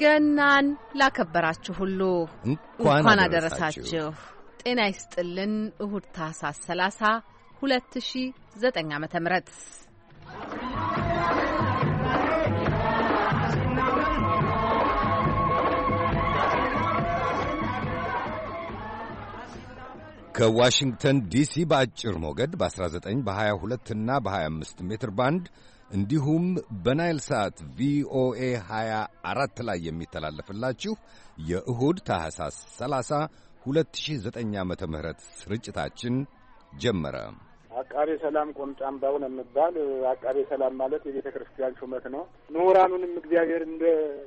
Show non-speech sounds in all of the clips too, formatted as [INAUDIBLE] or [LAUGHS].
ገናን ላከበራችሁ ሁሉ እንኳን አደረሳችሁ። ጤና ይስጥልን። እሁድ ታህሳስ 30 2009 ዓ.ም ከዋሽንግተን ዲሲ በአጭር ሞገድ በ19 በ22 እና በ25 ሜትር ባንድ እንዲሁም በናይል ሰዓት ቪኦኤ 24 ላይ የሚተላለፍላችሁ የእሁድ ታህሳስ 30 2009 ዓ ም ስርጭታችን ጀመረ። አቃቤ ሰላም ቆምጣምባው ነው የምባል። አቃቤ ሰላም ማለት የቤተ ክርስቲያን ሹመት ነው። ምሁራኑንም እግዚአብሔር እንደ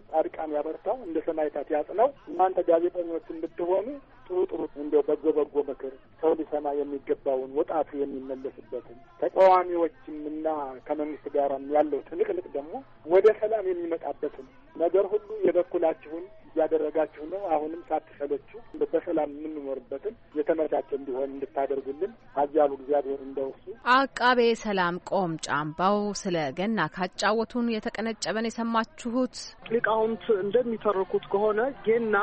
ጻድቃን ያበርታው፣ እንደ ሰማዕታት ያጽናው። እናንተ ጋዜጠኞች እንድትሆኑ ጥሩ ጥሩ እንደ በጎ በጎ ምክር ሰው ሊሰማ የሚገባውን ወጣቱ የሚመለስበትን ተቃዋሚዎችም እና ከመንግስት ጋር ያለው ትንቅንቅ ደግሞ ወደ ሰላም የሚመጣበትን ነገር ሁሉ የበኩላችሁን እያደረጋችሁ ነው። አሁንም ሳትሰለችሁ በሰላም የምንኖርበትን የተመቻቸ እንዲሆን እንድታደርጉልን አዚያሉ እግዚአብሔር እንደው አቃቤ ሰላም ቆም ጫምባው ስለ ገና ካጫወቱን የተቀነጨበን የሰማችሁት። ሊቃውንት እንደሚተርኩት ከሆነ ጌና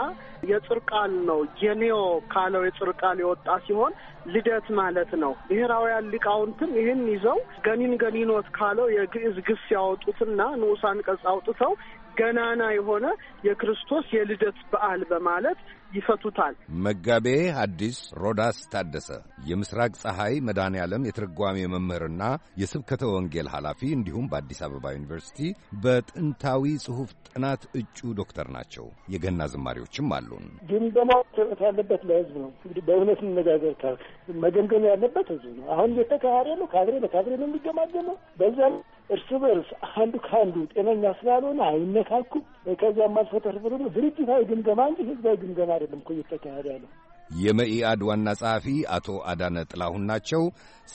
የጽር ቃል ነው። ጌኔዮ ካለው የጽር ቃል የወጣ ሲሆን ልደት ማለት ነው። ብሔራውያን ሊቃውንትም ይህን ይዘው ገኒን ገኒኖት ካለው የግዕዝ ግስ ያወጡትና ንዑስ አንቀጽ አውጥተው ገናና የሆነ የክርስቶስ የልደት በዓል በማለት ይፈቱታል። መጋቤ ሐዲስ ሮዳስ ታደሰ የምስራቅ ፀሐይ መድኃኔ ዓለም የትርጓሜ መምህርና የስብከተ ወንጌል ኃላፊ እንዲሁም በአዲስ አበባ ዩኒቨርሲቲ በጥንታዊ ጽሑፍ ጥናት እጩ ዶክተር ናቸው። የገና ዝማሪዎችም አሉን። ግምገማው መሰጠት ያለበት ለህዝብ ነው። እንግዲህ በእውነት እንነጋገር መገምገም ያለበት ህዝብ ነው። አሁን እየተካሄደ ነው። ካድሬ ለካድሬ ነው የሚገማገመው በዛ እርስ በርስ አንዱ ከአንዱ ጤነኛ ስላልሆነ አይነካኩም። ከዚያም አልፎ ተርፎ ደግሞ ድርጅታዊ ግምገማ እንጂ ህዝባዊ ግምገማ አይደለም እኮ እየተካሄደ ያለው። የመኢአድ ዋና ጸሐፊ አቶ አዳነ ጥላሁን ናቸው።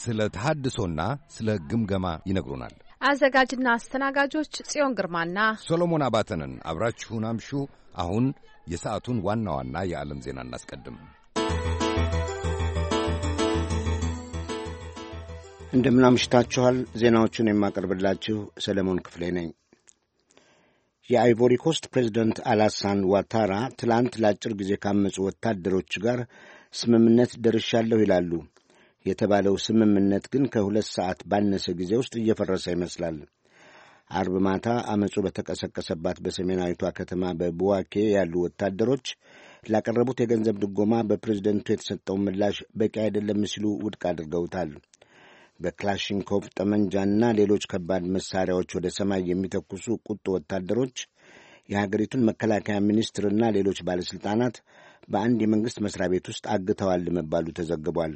ስለ ተሃድሶና ስለ ግምገማ ይነግሩናል። አዘጋጅና አስተናጋጆች ጽዮን ግርማና ሶሎሞን አባተንን አብራችሁን አምሹ። አሁን የሰዓቱን ዋና ዋና የዓለም ዜና እናስቀድም። እንደምናምሽታችኋል። ዜናዎቹን የማቀርብላችሁ ሰለሞን ክፍሌ ነኝ። የአይቮሪ ኮስት ፕሬዚደንት አላሳን ዋታራ ትላንት ለአጭር ጊዜ ካመፁ ወታደሮች ጋር ስምምነት ደርሻለሁ ይላሉ። የተባለው ስምምነት ግን ከሁለት ሰዓት ባነሰ ጊዜ ውስጥ እየፈረሰ ይመስላል። አርብ ማታ አመፁ በተቀሰቀሰባት በሰሜናዊቷ ከተማ በቡዋኬ ያሉ ወታደሮች ላቀረቡት የገንዘብ ድጎማ በፕሬዝደንቱ የተሰጠውን ምላሽ በቂ አይደለም ሲሉ ውድቅ አድርገውታል። በክላሽንኮቭ ጠመንጃና ሌሎች ከባድ መሳሪያዎች ወደ ሰማይ የሚተኩሱ ቁጡ ወታደሮች የሀገሪቱን መከላከያ ሚኒስትርና ሌሎች ባለሥልጣናት በአንድ የመንግሥት መሥሪያ ቤት ውስጥ አግተዋል መባሉ ተዘግቧል።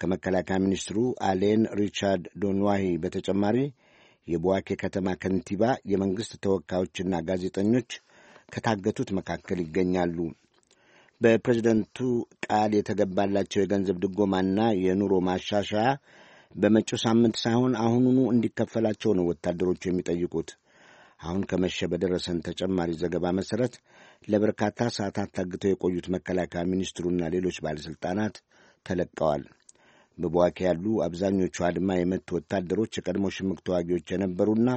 ከመከላከያ ሚኒስትሩ አሌን ሪቻርድ ዶንዋሂ በተጨማሪ የቡዋኬ ከተማ ከንቲባ፣ የመንግሥት ተወካዮችና ጋዜጠኞች ከታገቱት መካከል ይገኛሉ። በፕሬዚደንቱ ቃል የተገባላቸው የገንዘብ ድጎማና የኑሮ ማሻሻያ በመጪው ሳምንት ሳይሆን አሁኑኑ እንዲከፈላቸው ነው ወታደሮቹ የሚጠይቁት። አሁን ከመሸ በደረሰን ተጨማሪ ዘገባ መሠረት ለበርካታ ሰዓታት ታግተው የቆዩት መከላከያ ሚኒስትሩና ሌሎች ባለሥልጣናት ተለቀዋል። በቧኪ ያሉ አብዛኞቹ አድማ የመቱ ወታደሮች የቀድሞ ሽምቅ ተዋጊዎች የነበሩና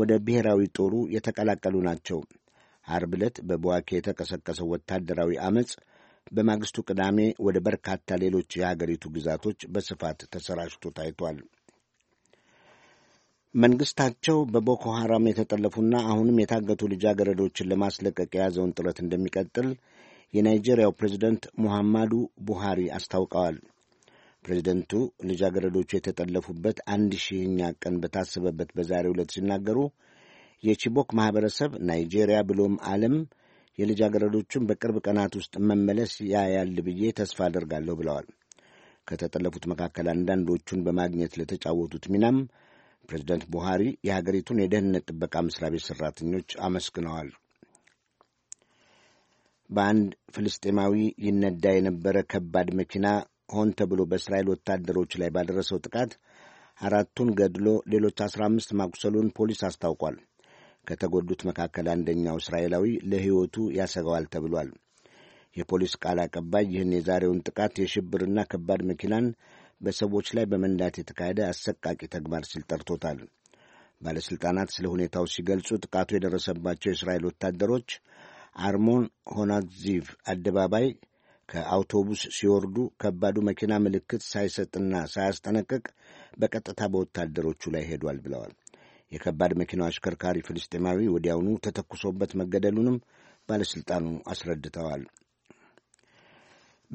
ወደ ብሔራዊ ጦሩ የተቀላቀሉ ናቸው። አርብ ዕለት በቧኪ የተቀሰቀሰው ወታደራዊ ዐመፅ በማግስቱ ቅዳሜ ወደ በርካታ ሌሎች የሀገሪቱ ግዛቶች በስፋት ተሰራጭቶ ታይቷል። መንግስታቸው በቦኮ ሐራም የተጠለፉና አሁንም የታገቱ ልጃገረዶችን ለማስለቀቅ የያዘውን ጥረት እንደሚቀጥል የናይጄሪያው ፕሬዚደንት ሙሐማዱ ቡሃሪ አስታውቀዋል። ፕሬዚደንቱ ልጃገረዶቹ የተጠለፉበት አንድ ሺህኛ ቀን በታሰበበት በዛሬ ዕለት ሲናገሩ የቺቦክ ማኅበረሰብ ናይጄሪያ ብሎም ዓለም የልጃገረዶቹን በቅርብ ቀናት ውስጥ መመለስ ያያል ብዬ ተስፋ አደርጋለሁ ብለዋል። ከተጠለፉት መካከል አንዳንዶቹን በማግኘት ለተጫወቱት ሚናም ፕሬዚዳንት ቡሃሪ የሀገሪቱን የደህንነት ጥበቃ መስሪያ ቤት ሠራተኞች አመስግነዋል። በአንድ ፍልስጤማዊ ይነዳ የነበረ ከባድ መኪና ሆን ተብሎ በእስራኤል ወታደሮች ላይ ባደረሰው ጥቃት አራቱን ገድሎ ሌሎች አስራ አምስት ማቁሰሉን ፖሊስ አስታውቋል። ከተጎዱት መካከል አንደኛው እስራኤላዊ ለሕይወቱ ያሰገዋል ተብሏል። የፖሊስ ቃል አቀባይ ይህን የዛሬውን ጥቃት የሽብርና ከባድ መኪናን በሰዎች ላይ በመንዳት የተካሄደ አሰቃቂ ተግባር ሲል ጠርቶታል። ባለሥልጣናት ስለ ሁኔታው ሲገልጹ ጥቃቱ የደረሰባቸው የእስራኤል ወታደሮች አርሞን ሆናዚቭ አደባባይ ከአውቶቡስ ሲወርዱ ከባዱ መኪና ምልክት ሳይሰጥና ሳያስጠነቅቅ በቀጥታ በወታደሮቹ ላይ ሄዷል ብለዋል። የከባድ መኪናው አሽከርካሪ ፍልስጤማዊ ወዲያውኑ ተተኩሶበት መገደሉንም ባለሥልጣኑ አስረድተዋል።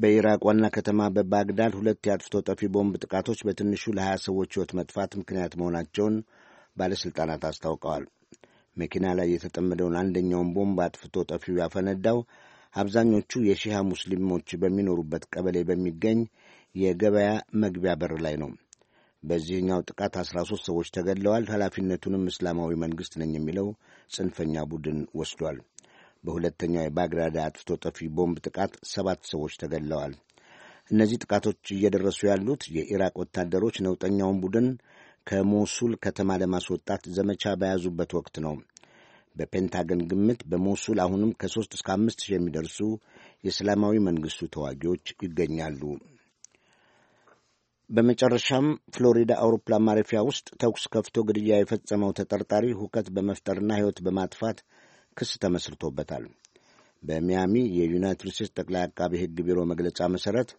በኢራቅ ዋና ከተማ በባግዳድ ሁለት የአጥፍቶ ጠፊ ቦምብ ጥቃቶች በትንሹ ለሀያ ሰዎች ሕይወት መጥፋት ምክንያት መሆናቸውን ባለሥልጣናት አስታውቀዋል። መኪና ላይ የተጠመደውን አንደኛውን ቦምብ አጥፍቶ ጠፊው ያፈነዳው አብዛኞቹ የሺሃ ሙስሊሞች በሚኖሩበት ቀበሌ በሚገኝ የገበያ መግቢያ በር ላይ ነው። በዚህኛው ጥቃት 13 ሰዎች ተገድለዋል። ኃላፊነቱንም እስላማዊ መንግሥት ነኝ የሚለው ጽንፈኛ ቡድን ወስዷል። በሁለተኛው የባግዳድ አጥፍቶ ጠፊ ቦምብ ጥቃት ሰባት ሰዎች ተገድለዋል። እነዚህ ጥቃቶች እየደረሱ ያሉት የኢራቅ ወታደሮች ነውጠኛውን ቡድን ከሞሱል ከተማ ለማስወጣት ዘመቻ በያዙበት ወቅት ነው። በፔንታገን ግምት በሞሱል አሁንም ከሦስት እስከ አምስት ሺህ የሚደርሱ የእስላማዊ መንግሥቱ ተዋጊዎች ይገኛሉ። በመጨረሻም ፍሎሪዳ አውሮፕላን ማረፊያ ውስጥ ተኩስ ከፍቶ ግድያ የፈጸመው ተጠርጣሪ ሁከት በመፍጠርና ሕይወት በማጥፋት ክስ ተመስርቶበታል። በሚያሚ የዩናይትድ ስቴትስ ጠቅላይ አቃቢ ሕግ ቢሮ መግለጫ መሠረት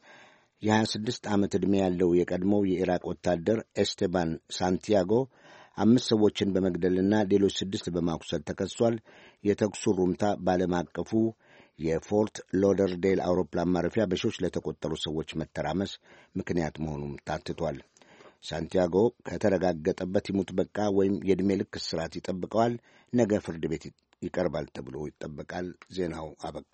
የ26 ዓመት ዕድሜ ያለው የቀድሞው የኢራቅ ወታደር ኤስቴባን ሳንቲያጎ አምስት ሰዎችን በመግደልና ሌሎች ስድስት በማኩሰል ተከሷል። የተኩሱ ሩምታ በዓለም አቀፉ የፎርት ሎደርዴል አውሮፕላን ማረፊያ በሺዎች ለተቆጠሩ ሰዎች መተራመስ ምክንያት መሆኑም ታትቷል። ሳንቲያጎ ከተረጋገጠበት ይሙት በቃ ወይም የዕድሜ ልክ እስራት ይጠብቀዋል። ነገ ፍርድ ቤት ይቀርባል ተብሎ ይጠበቃል። ዜናው አበቃ።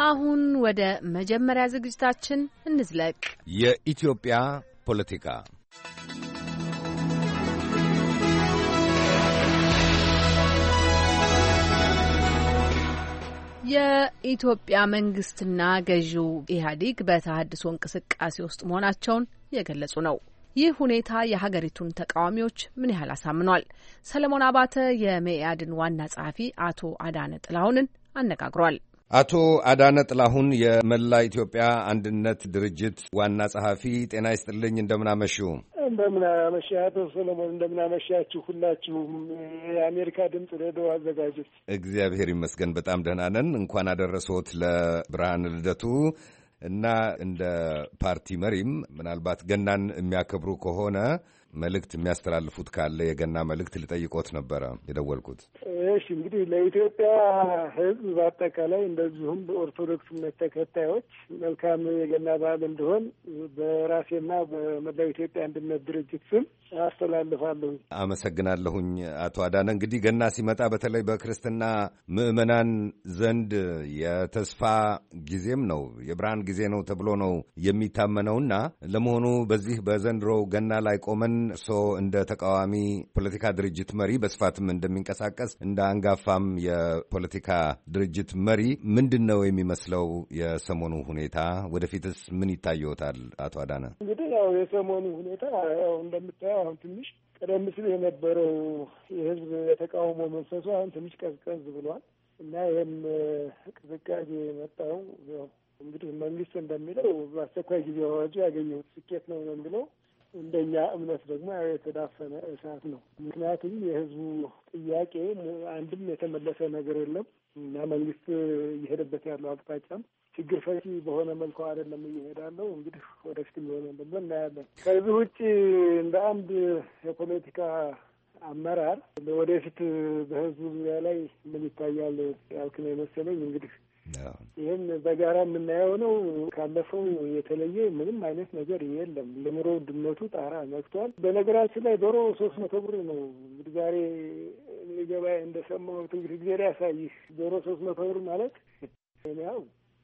አሁን ወደ መጀመሪያ ዝግጅታችን እንዝለቅ። የኢትዮጵያ ፖለቲካ የኢትዮጵያ መንግስትና ገዢው ኢህአዴግ በተሀድሶ እንቅስቃሴ ውስጥ መሆናቸውን የገለጹ ነው። ይህ ሁኔታ የሀገሪቱን ተቃዋሚዎች ምን ያህል አሳምኗል? ሰለሞን አባተ የመኢአድን ዋና ጸሐፊ አቶ አዳነ ጥላሁንን አነጋግሯል። አቶ አዳነ ጥላሁን የመላ ኢትዮጵያ አንድነት ድርጅት ዋና ጸሐፊ፣ ጤና ይስጥልኝ። እንደምናመሹ እንደምናመሽ አቶ ሰለሞን እንደምናመሻችሁ ሁላችሁም የአሜሪካ ድምፅ ሬዲዮ አዘጋጆች። እግዚአብሔር ይመስገን በጣም ደህና ነን። እንኳን አደረሰዎት ለብርሃን ልደቱ እና እንደ ፓርቲ መሪም ምናልባት ገናን የሚያከብሩ ከሆነ መልእክት የሚያስተላልፉት ካለ የገና መልእክት ልጠይቆት ነበረ የደወልኩት። እሺ እንግዲህ ለኢትዮጵያ ሕዝብ በአጠቃላይ እንደዚሁም በኦርቶዶክስ እምነት ተከታዮች መልካም የገና በዓል እንዲሆን በራሴና በመላው ኢትዮጵያ አንድነት ድርጅት ስም አስተላልፋለሁ። አመሰግናለሁኝ አቶ አዳነ። እንግዲህ ገና ሲመጣ በተለይ በክርስትና ምዕመናን ዘንድ የተስፋ ጊዜም ነው የብርሃን ጊዜ ነው ተብሎ ነው የሚታመነውና ለመሆኑ በዚህ በዘንድሮው ገና ላይ ቆመን እርስዎ እንደ ተቃዋሚ ፖለቲካ ድርጅት መሪ በስፋትም እንደሚንቀሳቀስ እንደ አንጋፋም የፖለቲካ ድርጅት መሪ ምንድን ነው የሚመስለው የሰሞኑ ሁኔታ? ወደፊትስ ምን ይታየዎታል? አቶ አዳነ እንግዲህ ያው የሰሞኑ ሁኔታ ያው እንደምታየው አሁን ትንሽ ቀደም ሲል የነበረው የህዝብ የተቃውሞ መንፈሱ አሁን ትንሽ ቀዝቀዝ ብሏል እና ይህም ቅዝቃዜ የመጣው እንግዲህ መንግስት እንደሚለው በአስቸኳይ ጊዜ አዋጁ ያገኘሁት ስኬት ነው ነው የሚለው እንደኛ እምነት ደግሞ ያው የተዳፈነ እሳት ነው። ምክንያቱም የህዝቡ ጥያቄ አንድም የተመለሰ ነገር የለም እና መንግስት እየሄደበት ያለው አቅጣጫም ችግር ፈቺ በሆነ መልኩ አይደለም እየሄዳለው። እንግዲህ ወደፊት የሚሆነ ደግሞ እናያለን። ከዚህ ውጭ እንደ አንድ የፖለቲካ አመራር ወደፊት በህዝቡ ዙሪያ ላይ ምን ይታያል ያልክን የመሰለኝ እንግዲህ ይህን በጋራ የምናየው ነው። ካለፈው የተለየ ምንም አይነት ነገር የለም። ለኑሮ ድመቱ ጣራ ነክቷል። በነገራችን ላይ ዶሮ ሶስት መቶ ብር ነው እንግዲህ ዛሬ ሚገባ እንደሰማሁት እንግዲህ እግዜር ያሳይህ። ዶሮ ሶስት መቶ ብር ማለት ያው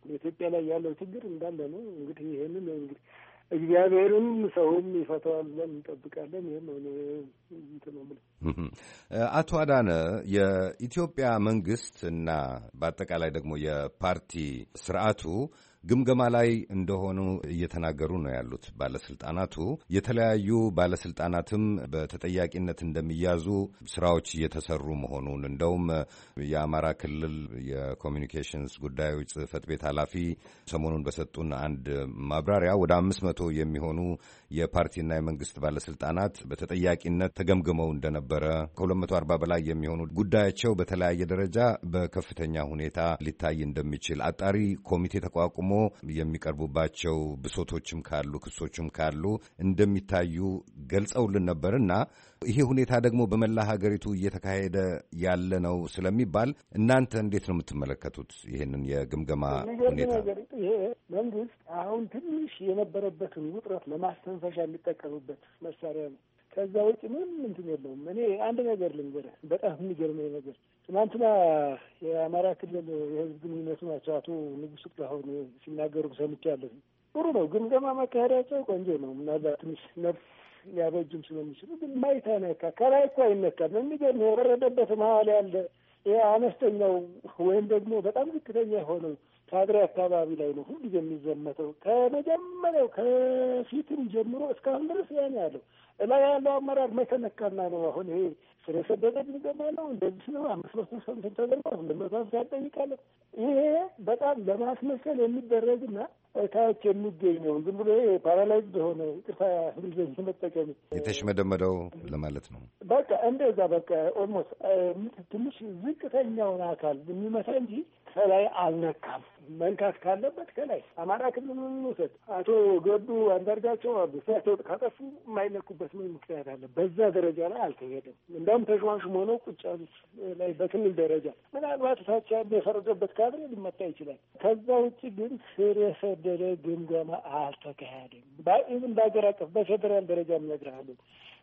በኢትዮጵያ ላይ ያለው ችግር እንዳለ ነው። እንግዲህ ይህንን እንግዲህ እግዚአብሔርም ሰውም ይፈተዋል ብለን እንጠብቃለን። ይህም አቶ አዳነ የኢትዮጵያ መንግስት እና በአጠቃላይ ደግሞ የፓርቲ ስርዓቱ ግምገማ ላይ እንደሆኑ እየተናገሩ ነው ያሉት ባለስልጣናቱ። የተለያዩ ባለስልጣናትም በተጠያቂነት እንደሚያዙ ስራዎች እየተሰሩ መሆኑን እንደውም የአማራ ክልል የኮሚኒኬሽንስ ጉዳዮች ጽህፈት ቤት ኃላፊ ሰሞኑን በሰጡን አንድ ማብራሪያ ወደ አምስት መቶ የሚሆኑ የፓርቲና የመንግስት ባለስልጣናት በተጠያቂነት ተገምግመው እንደነበረ መቶ አርባ በላይ የሚሆኑ ጉዳያቸው በተለያየ ደረጃ በከፍተኛ ሁኔታ ሊታይ እንደሚችል አጣሪ ኮሚቴ ተቋቁሞ ደግሞ የሚቀርቡባቸው ብሶቶችም ካሉ ክሶችም ካሉ እንደሚታዩ ገልጸውልን እና ይሄ ሁኔታ ደግሞ በመላ ሀገሪቱ እየተካሄደ ያለ ነው ስለሚባል እናንተ እንዴት ነው የምትመለከቱት ይህንን የግምገማ ሁኔታ? መንግስት አሁን ትንሽ የነበረበትን ውጥረት ለማስተንፈሻ የሚጠቀምበት መሳሪያ ነው። ከዛ ውጭ ምንም እንትን የለውም። እኔ አንድ ነገር ልንገርህ፣ በጣም የሚገርመኝ ነገር ትናንትና የአማራ ክልል የህዝብ ግንኙነት ናቸው አቶ ንጉስ ጥላሁን ሲናገሩ ሰምቻለሁ። ጥሩ ነው፣ ግምገማ ማካሄዳቸው ቆንጆ ነው። ምናልባት ትንሽ ነፍስ ሊያበጁም ስለሚችሉ ግን ማይተነካ ከላይ እኮ አይነካም። የሚገርም የወረደበት መሀል ያለ ይህ አነስተኛው ወይም ደግሞ በጣም ዝቅተኛ የሆነው ታድሬ አካባቢ ላይ ነው ሁሉ የሚዘመተው ከመጀመሪያው ከፊትም ጀምሮ እስካሁን ድረስ ያን ያለው እላይ ያለው አመራር መተነካና ነው አሁን ይሄ ስለሰበጠ ነው እንደዚህ ነው አምስት መቶ ሰምትን ተደርጓል። ሁለት መቶ ሀምሳ ያጠይቃለን። ይሄ በጣም ለማስመሰል የሚደረግና ታች የሚገኝ ነው። ዝም ብሎ ይሄ ፓራላይዝ በሆነ ቅርታ እንግሊዝኛ መጠቀም የተሽመደመደው ለማለት ነው። በቃ እንደዛ በቃ ኦልሞስት ትንሽ ዝቅተኛውን አካል የሚመታ እንጂ ከላይ አልነካም። መንካት ካለበት ከላይ አማራ ክልል እንውሰድ። አቶ ገዱ አንዳርጋቸው አሉ እሳቸው ካጠፉ የማይነኩበት ምን ምክንያት አለ? በዛ ደረጃ ላይ አልተሄደም። እንደውም ተሿምሹም ሆነው ቁጭ ያሉት ላይ በክልል ደረጃ ምናልባት እሳቸው ያሉ የፈረደበት ካድሬ ሊመጣ ይችላል። ከዛ ውጭ ግን ስር የሰደደ ግምገማ አልተካሄደም። ይህም በሀገር አቀፍ በፌዴራል ደረጃ እነግርሃለሁ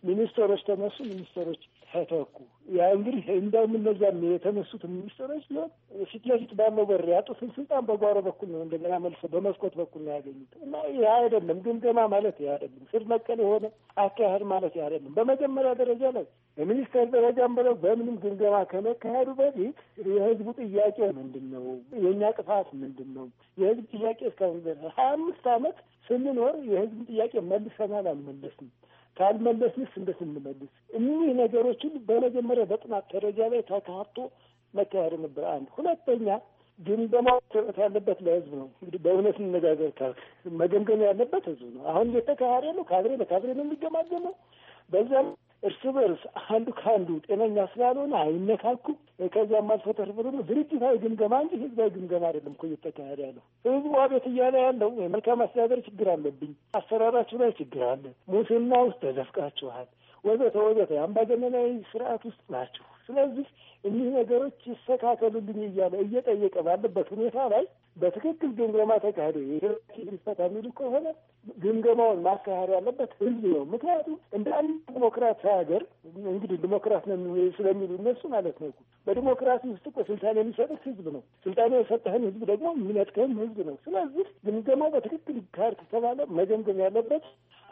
ሚኒስትሮች ተነሱ፣ ሚኒስትሮች ተተኩ። ያ እንግዲህ እንደውም እነዚያ የተነሱት ሚኒስትሮች ሲሆን ፊት ለፊት ማነው በር ያጡትን ስልጣን በጓሮ በኩል ነው እንደገና መልሶ በመስኮት በኩል ነው ያገኙት። እና ይህ አይደለም ግምገማ ማለት ይህ አይደለም፣ ስር ነቀል የሆነ አካሄድ ማለት ይህ አይደለም። በመጀመሪያ ደረጃ ላይ በሚኒስቴር ደረጃም ብለው በምንም ግምገማ ከመካሄዱ በፊት የህዝቡ ጥያቄ ምንድን ነው? የእኛ ጥፋት ምንድን ነው? የህዝብ ጥያቄ እስካሁን ሀያ አምስት አመት ስንኖር የህዝብን ጥያቄ መልሰናል አልመለስም ካልመለስንስ እንዴት እንመልስ? እኒህ ነገሮችን በመጀመሪያ በጥናት ደረጃ ላይ ተካቶ መካሄድ ነበር። አንድ ሁለተኛ ግምገማው መሰረት ያለበት ለህዝብ ነው። እንግዲህ በእውነት እንነጋገር ካል መገምገም ያለበት ህዝብ ነው። አሁን የተካሄደ ነው። ካድሬ በካድሬ ነው የሚገማገመው። በዛም እርስ በርስ አንዱ ከአንዱ ጤነኛ ስላልሆነ አይነካኩ። ከዚያም አልፎ ተርፎ ደግሞ ድርጅታዊ ግምገማ እንጂ ህዝባዊ ግምገማ አይደለም እኮ እየተካሄደ ያለው። ህዝቡ አቤት እያለ ያለው የመልካም አስተዳደር ችግር አለብኝ፣ አሰራራችሁ ላይ ችግር አለ፣ ሙስና ውስጥ ተዘፍቃችኋል፣ ወዘተ ወዘተ፣ አምባገነናዊ ስርዓት ውስጥ ናችሁ ስለዚህ እኒህ ነገሮች ይስተካከሉልኝ እያለ እየጠየቀ ባለበት ሁኔታ ላይ በትክክል ግምገማ ተካሄደ ይፈታ የሚሉ ከሆነ ግምገማውን ማካሄድ ያለበት ህዝብ ነው። ምክንያቱም እንደ አንድ ዲሞክራት ሀገር እንግዲህ ዲሞክራት ነው ስለሚሉ እነሱ ማለት ነው። በዲሞክራሲ ውስጥ እኮ ስልጣን የሚሰጥህ ህዝብ ነው። ስልጣን የሰጠህን ህዝብ ደግሞ የሚነጥቀህም ህዝብ ነው። ስለዚህ ግምገማው በትክክል ካር ከተባለ መገምገም ያለበት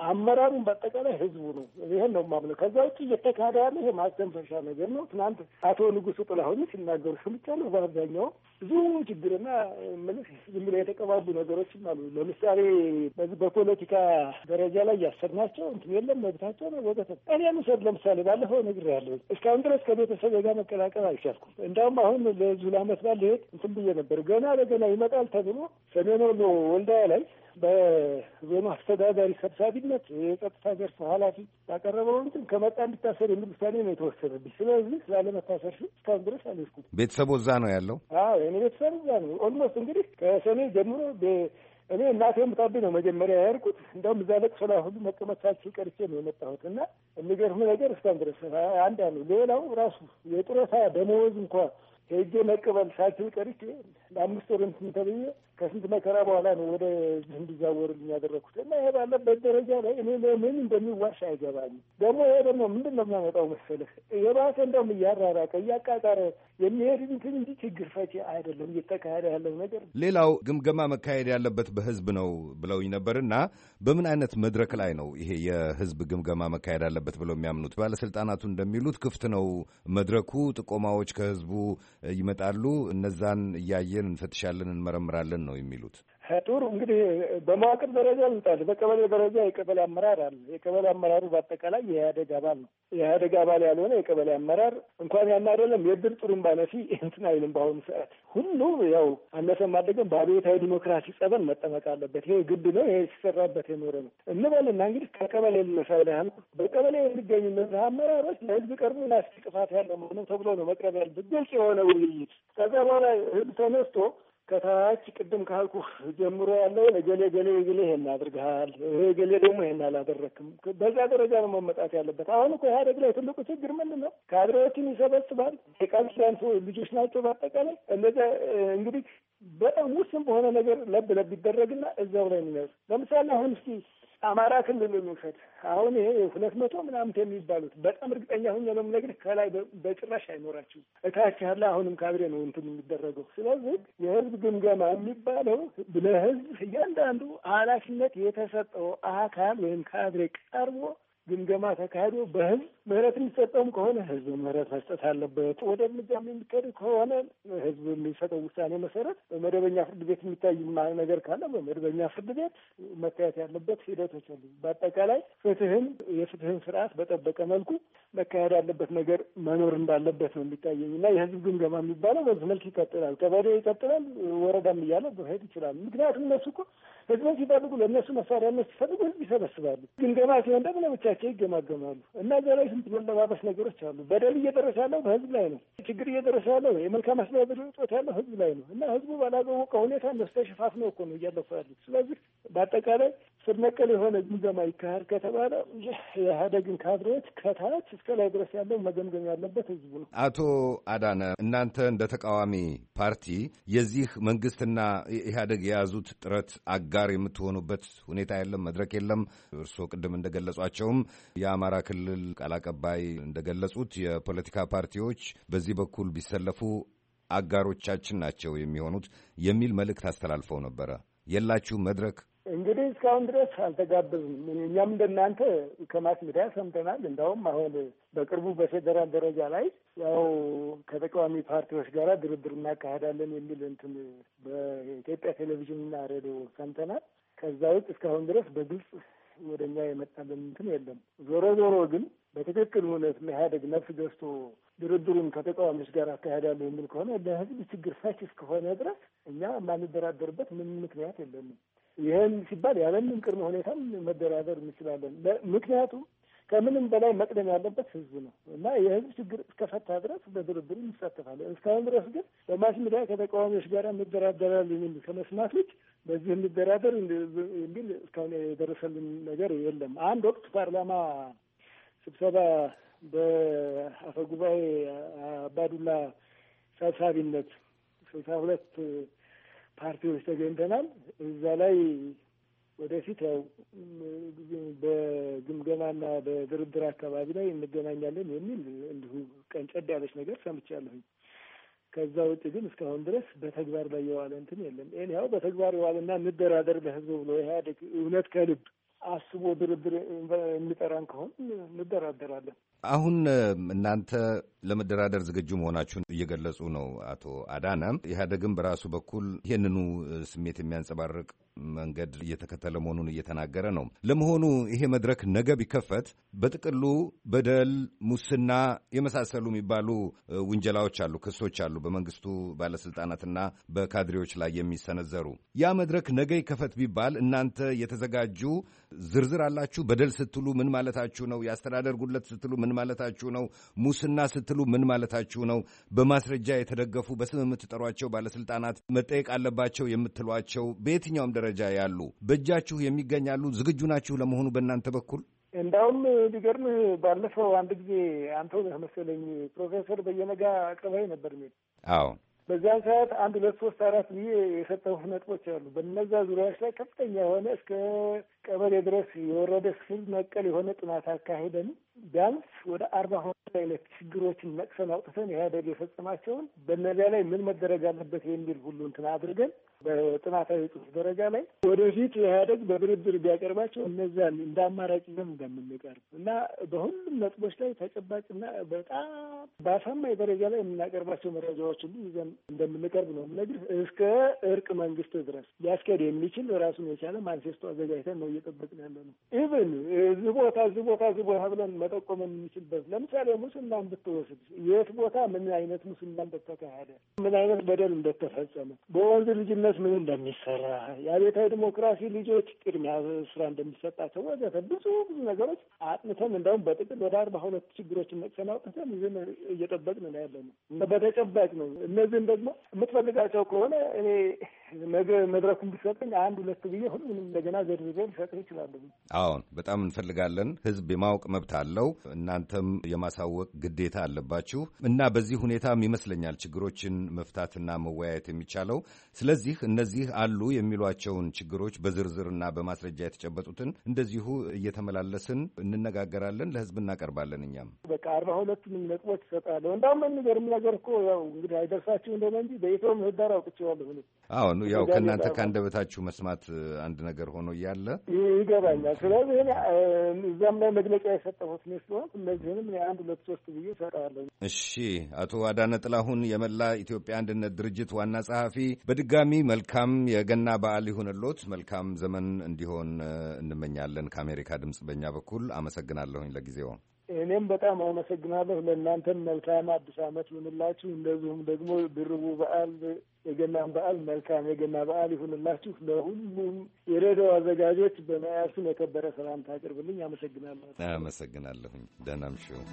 አመራሩን በአጠቃላይ ህዝቡ ነው። ይሄን ነው ማምነው። ከዛ ውጭ እየተካሄደ ያለ ይሄ ማስተንፈሻ ነገር ነው። ትናንት አቶ ንጉሱ ጥላሁን ሲናገሩ ሰምቻለሁ። በአብዛኛው ብዙ ችግርና የምልህ ዝም ብሎ የተቀባቡ ነገሮችም አሉ። ለምሳሌ በዚህ በፖለቲካ ደረጃ ላይ ያሰርናቸው እንትን የለም መብታቸው ነው ወዘተ። እኔ ምሰድ ለምሳሌ ባለፈው ነግሬሃለሁ። እስካሁን ድረስ ከቤተሰብ ጋር መቀላቀል አልቻልኩም። እንዳውም አሁን ለዙ ለአመት ባል ሄድ እንትን ብዬ ነበር። ገና ለገና ይመጣል ተብሎ ሰሜን ወሎ ወልዳያ ላይ በዞኑ አስተዳዳሪ ሰብሳቢነት የጸጥታ ዘርፍ ኃላፊ ያቀረበው እንትን ከመጣ እንድታሰር የሚል ውሳኔ ነው የተወሰነብኝ። ስለዚህ ስላለመታሰር እስካሁን ድረስ አልሄድኩም። ቤተሰቡ እዛ ነው ያለው። አዎ የእኔ ቤተሰብ እዛ ነው። ኦልሞስት እንግዲህ ከሰኔ ጀምሮ እኔ እናቴ የምታብኝ ነው መጀመሪያ ያርቁት እንደውም እዛ ለቅሶ ላይ ሁሉ መቀመጥ ሳልችል ቀርቼ ነው የመጣሁት እና የሚገርም ነገር እስካሁን ድረስ አንድ ነው። ሌላው ራሱ የጡረታ ደመወዝ እንኳ ሄጄ መቀበል ሳልችል ቀርቼ ለአምስት ወር እንትን ተብዬ ከስንት መከራ በኋላ ነው ወደዚህ እንዲዛወርልኝ ያደረግኩት እና ይሄ ባለበት ደረጃ ላይ እኔ ለምን እንደሚዋሽ አይገባኝ። ደግሞ ይሄ ደግሞ ምንድን ነው የሚያመጣው መሰለህ? የባሰ እንደውም እያራራቀ እያቃጣረ የሚሄድ እንትን እንጂ ችግር ፈቺ አይደለም እየተካሄደ ያለው ነገር። ሌላው ግምገማ መካሄድ ያለበት በህዝብ ነው ብለውኝ ነበር እና በምን አይነት መድረክ ላይ ነው ይሄ የህዝብ ግምገማ መካሄድ አለበት ብለው የሚያምኑት? ባለስልጣናቱ እንደሚሉት ክፍት ነው መድረኩ፣ ጥቆማዎች ከህዝቡ ይመጣሉ። እነዛን እያየ እንፈትሻለን፣ እንመረምራለን ነው የሚሉት። ጥሩ እንግዲህ በመዋቅር ደረጃ ልምጣል። በቀበሌ ደረጃ የቀበሌ አመራር አለ። የቀበሌ አመራሩ በአጠቃላይ የኢህአደግ አባል ነው። የኢህአደግ አባል ያልሆነ የቀበሌ አመራር እንኳን ያን አይደለም የድር ጥሩም ነፊ እንትን አይልም። በአሁኑ ሰዓት ሁሉ ያው አነሰም አደገም በአብዮታዊ ዲሞክራሲ ጸበል መጠመቅ አለበት። ይሄ ግድ ነው። ይሄ ሲሰራበት የኖረ ነው እንበልና እንግዲህ ከቀበሌ ልነሳል በቀበሌ የሚገኙ እነዚህ አመራሮች ለህዝብ ቀርቡ ናስ ጥፋት ያለ መሆኑ ተብሎ ነው መቅረብ ያለበት ግልጽ የሆነ ውይይት ከዛ በኋላ ህዝብ ተነስቶ ከታች ቅድም ካልኩ ጀምሮ ያለው እገሌ እገሌ እገሌ ይሄን አድርገሃል፣ እገሌ ደግሞ ይሄን አላደረክም። በዛ ደረጃ ነው መመጣት ያለበት። አሁን እኮ ኢህአደግ ላይ ትልቁ ችግር ምንድን ነው? ካድሬዎችን ይሰበስባል። የቃሚዳንቱ ልጆች ናቸው። በአጠቃላይ እነዚያ እንግዲህ በጣም ውስን በሆነ ነገር ለብ ለብ ይደረግና እዛው ላይ የሚነሱ ለምሳሌ አሁን እስኪ አማራ ክልልን ውሰድ። አሁን ይሄ ሁለት መቶ ምናምን የሚባሉት በጣም እርግጠኛ ሁኜ ነው የምነግርህ፣ ከላይ በጭራሽ አይኖራችሁም። እታች ያለ አሁንም ካብሬ ነው እንትን የሚደረገው። ስለዚህ የህዝብ ግምገማ የሚባለው ለህዝብ እያንዳንዱ ኃላፊነት የተሰጠው አካል ወይም ካብሬ ቀርቦ ግምገማ ተካሂዶ በህዝብ ምህረት የሚሰጠውም ከሆነ ህዝብ ምህረት መስጠት አለበት። ወደ እርምጃም የሚካሄድ ከሆነ ህዝብ የሚሰጠው ውሳኔ መሰረት በመደበኛ ፍርድ ቤት የሚታይ ነገር ካለ በመደበኛ ፍርድ ቤት መታየት ያለበት ሂደቶች አሉ። በአጠቃላይ ፍትህን የፍትህን ስርዓት በጠበቀ መልኩ መካሄድ ያለበት ነገር መኖር እንዳለበት ነው የሚታየኝ እና የህዝብ ግምገማ የሚባለው በዚህ መልክ ይቀጥላል። ቀበሌ ይቀጥላል፣ ወረዳም እያለ መሄድ ይችላል። ምክንያቱም እነሱ እኮ ህዝብን ሲፈልጉ ለእነሱ መሳሪያነት ሲፈልጉ ህዝብ ይሰበስባሉ። ግምገማ ሲሆን ደግሞ ለብቻቸው ይገማገማሉ እና እዚያ ላይ ስንት መለባበስ ነገሮች አሉ። በደል እየደረሰ ያለው በህዝብ ላይ ነው። ችግር እየደረሰ ያለው የመልካም አስተዳደር እጦት ያለው ህዝብ ላይ ነው እና ህዝቡ ባላገወቀ ሁኔታ እነሱ ነው እኮ ነው እያለፉ ያሉት። ስለዚህ በአጠቃላይ ስር ነቀል የሆነ ግምገማ ይካሄድ ከተባለ የኢህአዴግን ካድሬዎች ከታች እስከ ላይ ድረስ ያለው መገምገም ያለበት ህዝቡ ነው። አቶ አዳነ እናንተ እንደ ተቃዋሚ ፓርቲ የዚህ መንግስትና ኢህአደግ የያዙት ጥረት አ አጋር የምትሆኑበት ሁኔታ የለም፣ መድረክ የለም። እርስዎ ቅድም እንደገለጿቸውም የአማራ ክልል ቃል አቀባይ እንደገለጹት የፖለቲካ ፓርቲዎች በዚህ በኩል ቢሰለፉ አጋሮቻችን ናቸው የሚሆኑት የሚል መልእክት አስተላልፈው ነበረ። የላችሁ መድረክ እንግዲህ እስካሁን ድረስ አልተጋበዝም። እኛም እንደናንተ ከማስ ሚዲያ ሰምተናል። እንዳውም አሁን በቅርቡ በፌዴራል ደረጃ ላይ ያው ከተቃዋሚ ፓርቲዎች ጋር ድርድር እናካሄዳለን የሚል እንትን በኢትዮጵያ ቴሌቪዥንና ሬዲዮ ሰምተናል። ከዛ ውጭ እስካሁን ድረስ በግልጽ ወደ እኛ የመጣልን እንትን የለም። ዞሮ ዞሮ ግን በትክክል እውነት ኢህአዴግ ነፍስ ገዝቶ ድርድሩን ከተቃዋሚዎች ጋር አካሄዳለሁ የሚል ከሆነ ለህዝብ ችግር ፈች እስከሆነ ድረስ እኛ የማንደራደርበት ምን ምክንያት የለንም። ይህን ሲባል ያለምንም ቅድመ ሁኔታም መደራደር እንችላለን። ምክንያቱም ከምንም በላይ መቅደም ያለበት ህዝብ ነው እና የህዝብ ችግር እስከፈታ ድረስ በድርድር እንሳተፋለን። እስካሁን ድረስ ግን በማስ ሚዲያ ከተቃዋሚዎች ጋር እንደራደራል የሚል ከመስማት ውጭ በዚህ እንደራደር የሚል እስካሁን የደረሰልን ነገር የለም። አንድ ወቅት ፓርላማ ስብሰባ በአፈጉባኤ አባዱላ ሰብሳቢነት ስልሳ ሁለት ፓርቲዎች ተገኝተናል። እዛ ላይ ወደፊት ያው በግምገማና በድርድር አካባቢ ላይ እንገናኛለን የሚል እንዲሁ ቀንጨድ ያለች ነገር ሰምቻለሁኝ። ከዛ ውጭ ግን እስካሁን ድረስ በተግባር ላይ የዋለ እንትን የለም። ያው በተግባር የዋለና እንደራደር ለህዝቡ ብሎ ኢህአዴግ እውነት ከልብ አስቦ ድርድር የሚጠራን ከሆን እንደራደራለን። አሁን እናንተ ለመደራደር ዝግጁ መሆናችሁን እየገለጹ ነው አቶ አዳነ። ኢህአዴግም በራሱ በኩል ይህንኑ ስሜት የሚያንጸባርቅ መንገድ እየተከተለ መሆኑን እየተናገረ ነው። ለመሆኑ ይሄ መድረክ ነገ ቢከፈት በጥቅሉ በደል፣ ሙስና የመሳሰሉ የሚባሉ ውንጀላዎች አሉ፣ ክሶች አሉ በመንግስቱ ባለስልጣናትና በካድሬዎች ላይ የሚሰነዘሩ ያ መድረክ ነገ ይከፈት ቢባል እናንተ የተዘጋጁ ዝርዝር አላችሁ? በደል ስትሉ ምን ማለታችሁ ነው? የአስተዳደር ጉድለት ስትሉ ምን ማለታችሁ ነው? ሙስና ስትሉ ምን ማለታችሁ ነው? በማስረጃ የተደገፉ በስም የምትጠሯቸው ባለስልጣናት መጠየቅ አለባቸው የምትሏቸው በየትኛውም ደረጃ ያሉ በእጃችሁ የሚገኛሉ? ዝግጁ ናችሁ ለመሆኑ በእናንተ በኩል? እንዳውም ቢገርም ባለፈው አንድ ጊዜ አንተው መሰለኝ ፕሮፌሰር በየነጋ አቅርበህ ነበር ሚል። አዎ በዚያን ሰዓት አንድ ሁለት ሶስት አራት ብዬ የሰጠሁ ነጥቦች አሉ። በነዛ ዙሪያዎች ላይ ከፍተኛ የሆነ እስከ ቀበሌ ድረስ የወረደ ስል መቀል የሆነ ጥናት አካሄደን ቢያንስ ወደ አርባ ሁለት አይነት ችግሮችን ነቅሰን አውጥተን ኢህአዴግ የፈጸማቸውን በነዚያ ላይ ምን መደረግ አለበት የሚል ሁሉ እንትን አድርገን በጥናታዊ ጽሑፍ ደረጃ ላይ ወደፊት ኢህአደግ በድርድር ቢያቀርባቸው እነዚያን እንደ አማራጭ ይዘን እንደምንቀርብ እና በሁሉም ነጥቦች ላይ ተጨባጭና በጣም በአሳማኝ ደረጃ ላይ የምናቀርባቸው መረጃዎች ሁሉ ይዘን እንደምንቀርብ ነው የምነግርህ። እስከ እርቅ መንግስት ድረስ ሊያስኬድ የሚችል ራሱን የቻለ ማንፌስቶ አዘጋጅተን ነው እየጠበቅን ያለ ነው። ኢቨን እዚህ ቦታ እዚህ ቦታ እዚህ ቦታ ብለን መጠቆም የምንችልበት ለምሳሌ ሙስናን ብትወስድ የት ቦታ ምን አይነት ሙስና እንደተካሄደ ምን አይነት በደል እንደተፈጸመ በወንዝ ልጅነት እንዴት ምን እንደሚሰራ የአብዮታዊ ዲሞክራሲ ልጆች ቅድሚያ ስራ እንደሚሰጣቸው ወዘተ ብዙ ብዙ ነገሮች አጥንተን እንዲሁም በጥቅል ወደ አርባ ሁለት ችግሮችን መቅሰን አውጥተን ይዘን እየጠበቅን ነው ያለ ነው። በተጨባጭ ነው። እነዚህን ደግሞ የምትፈልጋቸው ከሆነ እኔ ነገ መድረኩን ቢሰጠኝ አንድ ሁለት ብዬ ሁሉንም እንደገና ዘርዝሬ ሊሰጥ ይችላሉ። አዎን በጣም እንፈልጋለን። ህዝብ የማወቅ መብት አለው፣ እናንተም የማሳወቅ ግዴታ አለባችሁ እና በዚህ ሁኔታም ይመስለኛል ችግሮችን መፍታትና መወያየት የሚቻለው ስለዚህ እነዚህ አሉ የሚሏቸውን ችግሮች በዝርዝርና በማስረጃ የተጨበጡትን እንደዚሁ እየተመላለስን እንነጋገራለን፣ ለህዝብ እናቀርባለን። እኛም በቃ አርባ ሁለቱንም ነጥቦች ይሰጣለሁ። እንዳውም የሚገርም ነገር እኮ ያው እንግዲህ አይደርሳችሁ እንደሆነ እንጂ በኢትዮ ምህዳር አውቅቼዋለሁ። አሁን ያው ከእናንተ ከአንደበታችሁ መስማት አንድ ነገር ሆኖ እያለ ይገባኛል። ስለዚህ እዛም ላይ መግለጫ የሰጠሁት እኔ ስለሆን እነዚህንም አንድ ሁለት ሶስት ብዬ እሰጣለሁ። እሺ፣ አቶ አዳነ ጥላሁን የመላ ኢትዮጵያ አንድነት ድርጅት ዋና ጸሐፊ በድጋሚ መልካም የገና በዓል ይሁንልዎት። መልካም ዘመን እንዲሆን እንመኛለን። ከአሜሪካ ድምፅ በእኛ በኩል አመሰግናለሁኝ ለጊዜው። እኔም በጣም አመሰግናለሁ። ለእናንተም መልካም አዲስ አመት ይሁንላችሁ። እንደዚሁም ደግሞ ድርቡ በዓል የገናን በዓል መልካም የገና በዓል ይሁንላችሁ። ለሁሉም የሬዲዮ አዘጋጆች በመያሱን የከበረ ሰላምታ አቅርብልኝ። አመሰግናለሁ። አመሰግናለሁኝ። ደህና እምሽው።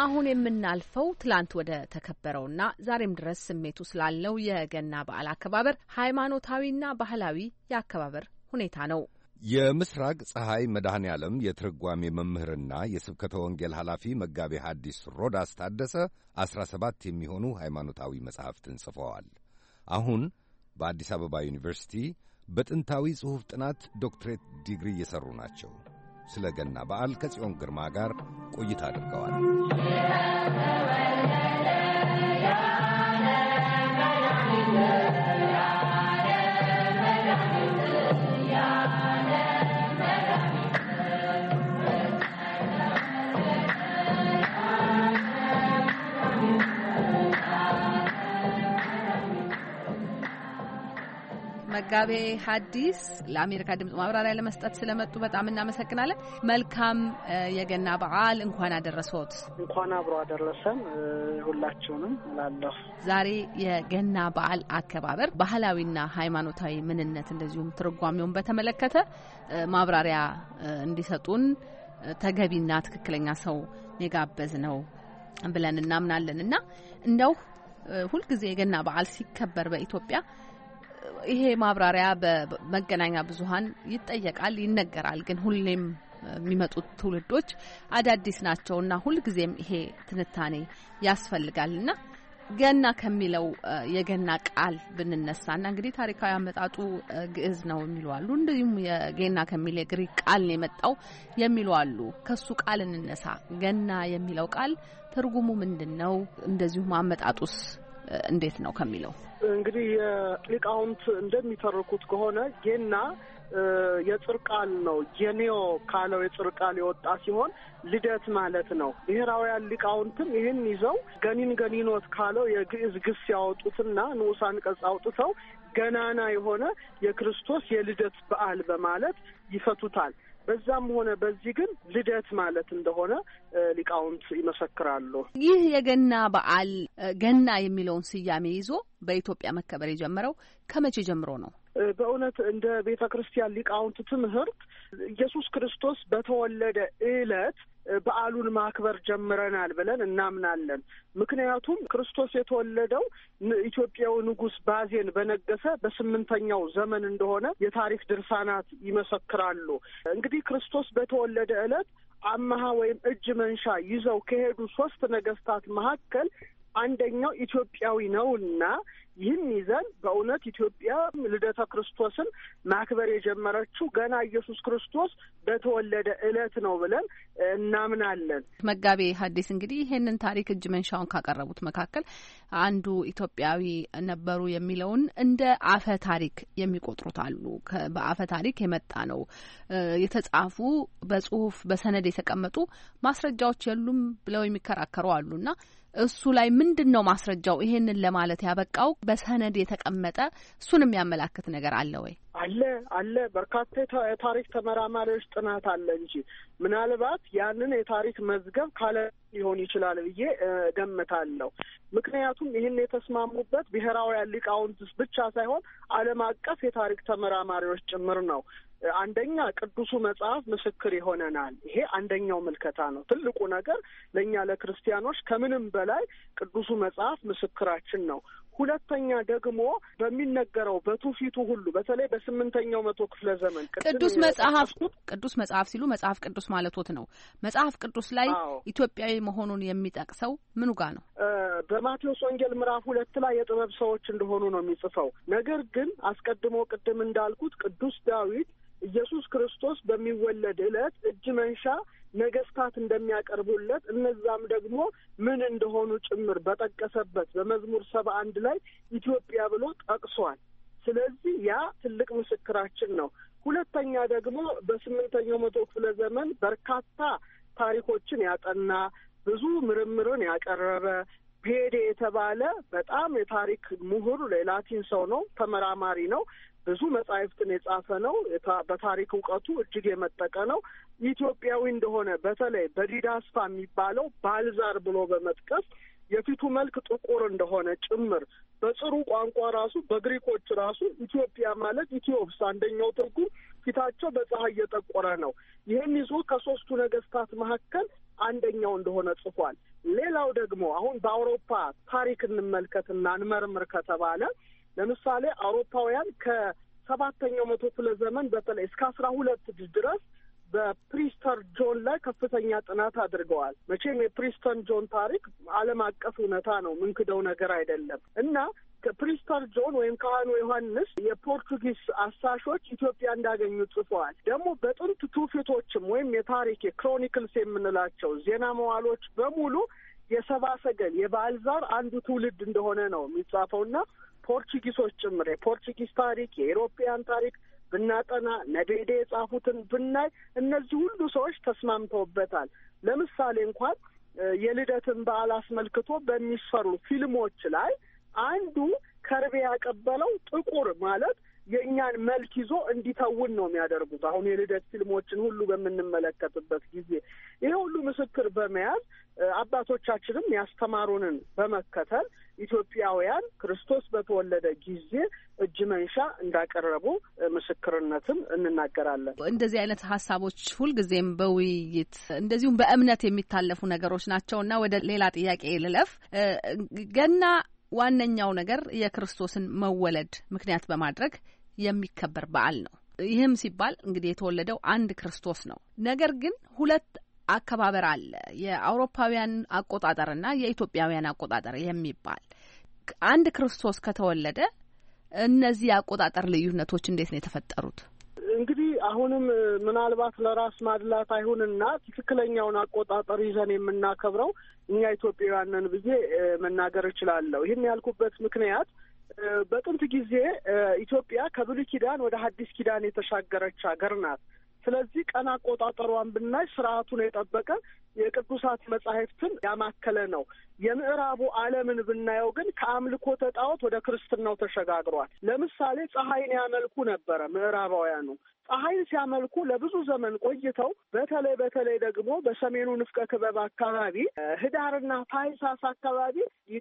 አሁን የምናልፈው ትላንት ወደ ተከበረውና ዛሬም ድረስ ስሜቱ ስላለው የገና በዓል አከባበር ሃይማኖታዊና ባህላዊ የአከባበር ሁኔታ ነው። የምስራቅ ፀሐይ መድኃኔ ዓለም የትርጓሜ መምህርና የስብከተ ወንጌል ኃላፊ መጋቤ ሐዲስ ሮዳስ ታደሰ አስራ ሰባት የሚሆኑ ሃይማኖታዊ መጻሕፍትን ጽፈዋል። አሁን በአዲስ አበባ ዩኒቨርሲቲ በጥንታዊ ጽሑፍ ጥናት ዶክትሬት ዲግሪ እየሠሩ ናቸው። ስለ ገና በዓል ከጽዮን ግርማ ጋር ቆይታ አድርገዋል። Yeah. [LAUGHS] መጋቤ ሐዲስ ለአሜሪካ ድምፅ ማብራሪያ ለመስጠት ስለመጡ በጣም እናመሰግናለን። መልካም የገና በዓል። እንኳን አደረሰዎት። እንኳን አብሮ አደረሰን ሁላችሁንም እላለሁ። ዛሬ የገና በዓል አከባበር ባህላዊና ሃይማኖታዊ ምንነት እንደዚሁም ትርጓሜውን በተመለከተ ማብራሪያ እንዲሰጡን ተገቢና ትክክለኛ ሰው የጋበዝ ነው ብለን እናምናለን እና እንደው ሁልጊዜ የገና በዓል ሲከበር በኢትዮጵያ ይሄ ማብራሪያ በመገናኛ ብዙኃን ይጠየቃል፣ ይነገራል። ግን ሁሌም የሚመጡት ትውልዶች አዳዲስ ናቸውና ሁልጊዜም ይሄ ትንታኔ ያስፈልጋልና ገና ከሚለው የገና ቃል ና እንግዲህ ታሪካዊ አመጣጡ ግዕዝ ነው የሚሉ አሉ። እንዲሁም የገና ከሚል የግሪክ ቃል ነው የመጣው የሚሉ አሉ። ከሱ ቃል እንነሳ። ገና የሚለው ቃል ትርጉሙ ምንድን ነው? እንደዚሁም አመጣጡስ እንዴት ነው ከሚለው እንግዲህ የሊቃውንት እንደሚተርኩት ከሆነ ጌና የጽር ቃል ነው። ጄኔዮ ካለው የጽር ቃል የወጣ ሲሆን ልደት ማለት ነው። ብሔራውያን ሊቃውንትም ይህን ይዘው ገኒን ገኒኖት ካለው የግዕዝ ግስ ያወጡትና ንዑስ አንቀጽ አውጥተው ገናና የሆነ የክርስቶስ የልደት በዓል በማለት ይፈቱታል። በዛም ሆነ በዚህ ግን ልደት ማለት እንደሆነ ሊቃውንት ይመሰክራሉ። ይህ የገና በዓል ገና የሚለውን ስያሜ ይዞ በኢትዮጵያ መከበር የጀመረው ከመቼ ጀምሮ ነው? በእውነት እንደ ቤተ ክርስቲያን ሊቃውንት ትምህርት ኢየሱስ ክርስቶስ በተወለደ እለት በዓሉን ማክበር ጀምረናል ብለን እናምናለን። ምክንያቱም ክርስቶስ የተወለደው ኢትዮጵያዊ ንጉሥ ባዜን በነገሰ በስምንተኛው ዘመን እንደሆነ የታሪክ ድርሳናት ይመሰክራሉ። እንግዲህ ክርስቶስ በተወለደ እለት አመሀ ወይም እጅ መንሻ ይዘው ከሄዱ ሶስት ነገስታት መካከል አንደኛው ኢትዮጵያዊ ነው እና ይህን ይዘን በእውነት ኢትዮጵያ ልደተ ክርስቶስን ማክበር የጀመረችው ገና ኢየሱስ ክርስቶስ በተወለደ እለት ነው ብለን እናምናለን። መጋቤ ሐዲስ እንግዲህ ይህንን ታሪክ እጅ መንሻውን ካቀረቡት መካከል አንዱ ኢትዮጵያዊ ነበሩ የሚለውን እንደ አፈ ታሪክ የሚቆጥሩት አሉ። በአፈ ታሪክ የመጣ ነው የተጻፉ በጽሁፍ በሰነድ የተቀመጡ ማስረጃዎች የሉም ብለው የሚከራከሩ አሉና እሱ ላይ ምንድን ነው ማስረጃው? ይሄንን ለማለት ያበቃው በሰነድ የተቀመጠ እሱን የሚያመላክት ነገር አለ ወይ? አለ አለ። በርካታ የታሪክ ተመራማሪዎች ጥናት አለ እንጂ ምናልባት ያንን የታሪክ መዝገብ ካለ ሊሆን ይችላል ብዬ እገምታለሁ። ምክንያቱም ይህን የተስማሙበት ብሔራዊ ሊቃውንት ብቻ ሳይሆን ዓለም አቀፍ የታሪክ ተመራማሪዎች ጭምር ነው። አንደኛ ቅዱሱ መጽሐፍ ምስክር ይሆነናል። ይሄ አንደኛው ምልከታ ነው። ትልቁ ነገር ለእኛ ለክርስቲያኖች ከምንም በላይ ቅዱሱ መጽሐፍ ምስክራችን ነው። ሁለተኛ ደግሞ በሚነገረው በትውፊቱ ሁሉ በተለይ በስምንተኛው መቶ ክፍለ ዘመን ቅዱስ መጽሐፍ ቅዱስ መጽሐፍ ሲሉ መጽሐፍ ቅዱስ ማለቶት ነው። መጽሐፍ ቅዱስ ላይ ኢትዮጵያዊ መሆኑን የሚጠቅሰው ምኑ ጋ ነው? በማቴዎስ ወንጌል ምዕራፍ ሁለት ላይ የጥበብ ሰዎች እንደሆኑ ነው የሚጽፈው። ነገር ግን አስቀድሞ ቅድም እንዳልኩት ቅዱስ ዳዊት ኢየሱስ ክርስቶስ በሚወለድ ዕለት እጅ መንሻ ነገስታት እንደሚያቀርቡለት እነዛም ደግሞ ምን እንደሆኑ ጭምር በጠቀሰበት በመዝሙር ሰባ አንድ ላይ ኢትዮጵያ ብሎ ጠቅሷል። ስለዚህ ያ ትልቅ ምስክራችን ነው። ሁለተኛ ደግሞ በስምንተኛው መቶ ክፍለ ዘመን በርካታ ታሪኮችን ያጠና ብዙ ምርምርን ያቀረበ ፔዴ የተባለ በጣም የታሪክ ምሁር ላቲን ሰው ነው፣ ተመራማሪ ነው። ብዙ መጽሐፍትን የጻፈ ነው። በታሪክ እውቀቱ እጅግ የመጠቀ ነው። ኢትዮጵያዊ እንደሆነ በተለይ በዲዳስፋ የሚባለው ባልዛር ብሎ በመጥቀስ የፊቱ መልክ ጥቁር እንደሆነ ጭምር በጽሩ ቋንቋ ራሱ በግሪኮች ራሱ ኢትዮጵያ ማለት ኢትዮፕስ አንደኛው ትርጉም ፊታቸው በፀሐይ እየጠቆረ ነው። ይህን ይዞ ከሶስቱ ነገስታት መካከል አንደኛው እንደሆነ ጽፏል። ሌላው ደግሞ አሁን በአውሮፓ ታሪክ እንመልከትና እንመርምር ከተባለ ለምሳሌ አውሮፓውያን ከሰባተኛው መቶ ክፍለ ዘመን በተለይ እስከ አስራ ሁለት ድረስ በፕሪስተር ጆን ላይ ከፍተኛ ጥናት አድርገዋል። መቼም የፕሪስተር ጆን ታሪክ ዓለም አቀፍ እውነታ ነው፣ ምንክደው ነገር አይደለም እና ከፕሪስተር ጆን ወይም ካህኑ ዮሐንስ የፖርቱጊስ አሳሾች ኢትዮጵያ እንዳገኙ ጽፈዋል። ደግሞ በጥንት ትውፊቶችም ወይም የታሪክ የክሮኒክልስ የምንላቸው ዜና መዋሎች በሙሉ የሰባ ሰገል የባልዛር አንዱ ትውልድ እንደሆነ ነው የሚጻፈውና ፖርቹጊሶች ጭምር የፖርቹጊስ ታሪክ የኢሮፓያን ታሪክ ብናጠና ነቤዴ የጻፉትን ብናይ እነዚህ ሁሉ ሰዎች ተስማምተውበታል። ለምሳሌ እንኳን የልደትን በዓል አስመልክቶ በሚሰሩ ፊልሞች ላይ አንዱ ከርቤ ያቀበለው ጥቁር ማለት የእኛን መልክ ይዞ እንዲተውን ነው የሚያደርጉት። አሁን የልደት ፊልሞችን ሁሉ በምንመለከትበት ጊዜ ይሄ ሁሉ ምስክር በመያዝ አባቶቻችንም ያስተማሩንን በመከተል ኢትዮጵያውያን ክርስቶስ በተወለደ ጊዜ እጅ መንሻ እንዳቀረቡ ምስክርነትም እንናገራለን። እንደዚህ አይነት ሀሳቦች ሁልጊዜም በውይይት እንደዚሁም በእምነት የሚታለፉ ነገሮች ናቸው እና ወደ ሌላ ጥያቄ ልለፍ። ገና ዋነኛው ነገር የክርስቶስን መወለድ ምክንያት በማድረግ የሚከበር በዓል ነው። ይህም ሲባል እንግዲህ የተወለደው አንድ ክርስቶስ ነው። ነገር ግን ሁለት አከባበር አለ። የአውሮፓውያን አቆጣጠርና የኢትዮጵያውያን አቆጣጠር የሚባል አንድ ክርስቶስ ከተወለደ እነዚህ አቆጣጠር ልዩነቶች እንዴት ነው የተፈጠሩት? እንግዲህ አሁንም ምናልባት ለራስ ማድላት አይሁንና ትክክለኛውን አቆጣጠር ይዘን የምናከብረው እኛ ኢትዮጵያውያንን ብዬ መናገር እችላለሁ። ይህን ያልኩበት ምክንያት በጥንት ጊዜ ኢትዮጵያ ከብሉይ ኪዳን ወደ ሐዲስ ኪዳን የተሻገረች ሀገር ናት። ስለዚህ ቀን አቆጣጠሯን ብናይ ስርዓቱን የጠበቀ የቅዱሳት መጻሕፍትን ያማከለ ነው። የምዕራቡ ዓለምን ብናየው ግን ከአምልኮ ተጣወት ወደ ክርስትናው ተሸጋግሯል። ለምሳሌ ፀሐይን ያመልኩ ነበረ ምዕራባውያኑ። ፀሐይን ሲያመልኩ ለብዙ ዘመን ቆይተው በተለይ በተለይ ደግሞ በሰሜኑ ንፍቀ ክበብ አካባቢ ህዳርና ታኅሳስ አካባቢ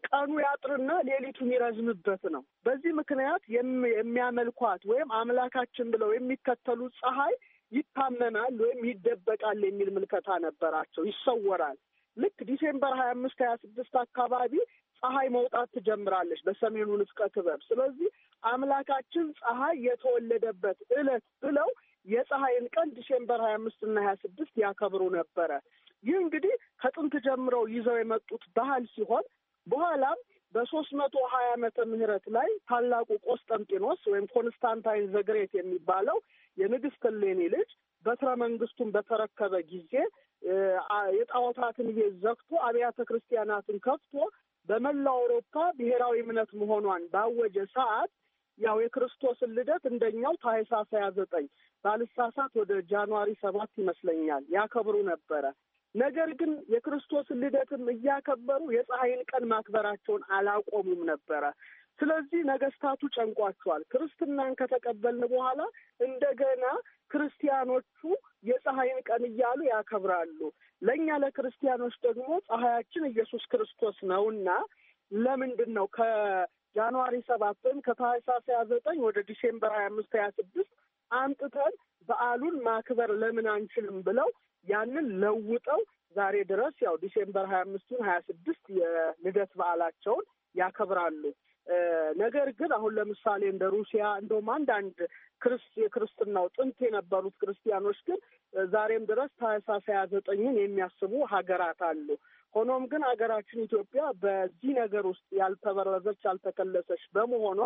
ቀኑ ያጥርና ሌሊቱ የሚረዝምበት ነው። በዚህ ምክንያት የሚያመልኳት ወይም አምላካችን ብለው የሚከተሉት ፀሐይ ይታመናል ወይም ይደበቃል የሚል ምልከታ ነበራቸው። ይሰወራል። ልክ ዲሴምበር ሀያ አምስት ሀያ ስድስት አካባቢ ፀሐይ መውጣት ትጀምራለች በሰሜኑ ንፍቀ ክበብ። ስለዚህ አምላካችን ፀሐይ የተወለደበት ዕለት ብለው የፀሐይን ቀን ዲሴምበር ሀያ አምስት እና ሀያ ስድስት ያከብሩ ነበረ። ይህ እንግዲህ ከጥንት ጀምረው ይዘው የመጡት ባህል ሲሆን በኋላም በሶስት መቶ ሀያ ዓመተ ምህረት ላይ ታላቁ ቆስጠንጢኖስ ወይም ኮንስታንታይን ዘግሬት የሚባለው የንግስት እሌኒ ልጅ በትረ መንግስቱን በተረከበ ጊዜ የጣዖታትን ዘግቶ አብያተ ክርስቲያናትን ከፍቶ በመላው አውሮፓ ብሔራዊ እምነት መሆኗን ባወጀ ሰዓት ያው የክርስቶስን ልደት እንደኛው ታኅሳስ ሃያ ዘጠኝ ባልሳሳት ወደ ጃንዋሪ ሰባት ይመስለኛል ያከብሩ ነበረ። ነገር ግን የክርስቶስን ልደትም እያከበሩ የፀሐይን ቀን ማክበራቸውን አላቆሙም ነበረ። ስለዚህ ነገስታቱ ጨንቋቸዋል። ክርስትናን ከተቀበልን በኋላ እንደገና ክርስቲያኖቹ የፀሐይን ቀን እያሉ ያከብራሉ። ለእኛ ለክርስቲያኖች ደግሞ ፀሐያችን ኢየሱስ ክርስቶስ ነውና ለምንድን ነው ከጃንዋሪ ሰባት ወይም ከታህሳስ ሀያ ዘጠኝ ወደ ዲሴምበር ሀያ አምስት ሀያ ስድስት አምጥተን በዓሉን ማክበር ለምን አንችልም ብለው ያንን ለውጠው ዛሬ ድረስ ያው ዲሴምበር ሀያ አምስቱን ሀያ ስድስት የልደት በዓላቸውን ያከብራሉ። ነገር ግን አሁን ለምሳሌ እንደ ሩሲያ እንደውም አንዳንድ ክርስት የክርስትናው ጥንት የነበሩት ክርስቲያኖች ግን ዛሬም ድረስ ታህሳስ ሃያ ዘጠኝን የሚያስቡ ሀገራት አሉ። ሆኖም ግን ሀገራችን ኢትዮጵያ በዚህ ነገር ውስጥ ያልተበረዘች ያልተከለሰች በመሆኗ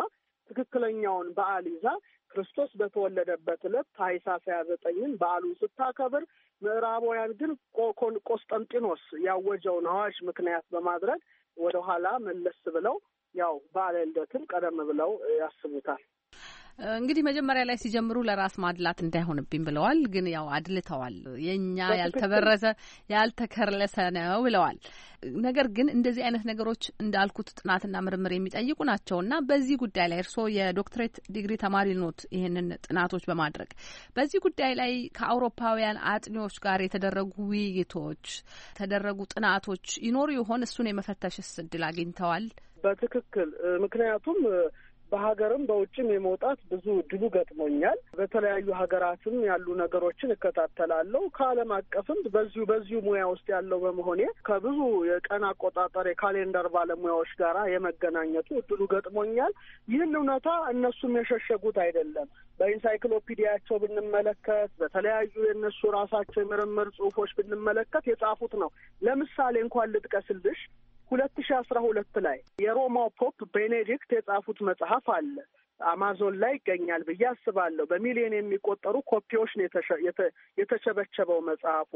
ትክክለኛውን በዓል ይዛ ክርስቶስ በተወለደበት ዕለት ታህሳስ ሃያ ዘጠኝን በዓሉን ስታከብር፣ ምዕራባውያን ግን ቆስጠንጢኖስ ያወጀውን አዋጅ ምክንያት በማድረግ ወደኋላ መለስ ብለው ያው ባለ ልደትም ቀደም ብለው ያስቡታል። እንግዲህ መጀመሪያ ላይ ሲጀምሩ ለራስ ማድላት እንዳይሆንብኝ ብለዋል። ግን ያው አድልተዋል። የእኛ ያልተበረዘ ያልተከለሰ ነው ብለዋል። ነገር ግን እንደዚህ አይነት ነገሮች እንዳልኩት ጥናትና ምርምር የሚጠይቁ ናቸው እና በዚህ ጉዳይ ላይ እርስዎ የዶክትሬት ዲግሪ ተማሪ ኖት፣ ይህንን ጥናቶች በማድረግ በዚህ ጉዳይ ላይ ከአውሮፓውያን አጥኚዎች ጋር የተደረጉ ውይይቶች፣ የተደረጉ ጥናቶች ይኖሩ ይሆን? እሱን የመፈተሽስ እድል አግኝተዋል? በትክክል ምክንያቱም በሀገርም በውጭም የመውጣት ብዙ እድሉ ገጥሞኛል። በተለያዩ ሀገራትም ያሉ ነገሮችን እከታተላለሁ። ከዓለም አቀፍም በዚሁ በዚሁ ሙያ ውስጥ ያለው በመሆኔ ከብዙ የቀን አቆጣጠር የካሌንደር ባለሙያዎች ጋር የመገናኘቱ እድሉ ገጥሞኛል። ይህን እውነታ እነሱም የሸሸጉት አይደለም። በኢንሳይክሎፒዲያቸው ብንመለከት፣ በተለያዩ የእነሱ ራሳቸው የምርምር ጽሁፎች ብንመለከት የጻፉት ነው። ለምሳሌ እንኳን ልጥቀስልሽ ሁለት ሺ አስራ ሁለት ላይ የሮማው ፖፕ ቤኔዲክት የጻፉት መጽሐፍ አለ አማዞን ላይ ይገኛል ብዬ አስባለሁ። በሚሊዮን የሚቆጠሩ ኮፒዎች ነው የተቸበቸበው መጽሐፉ።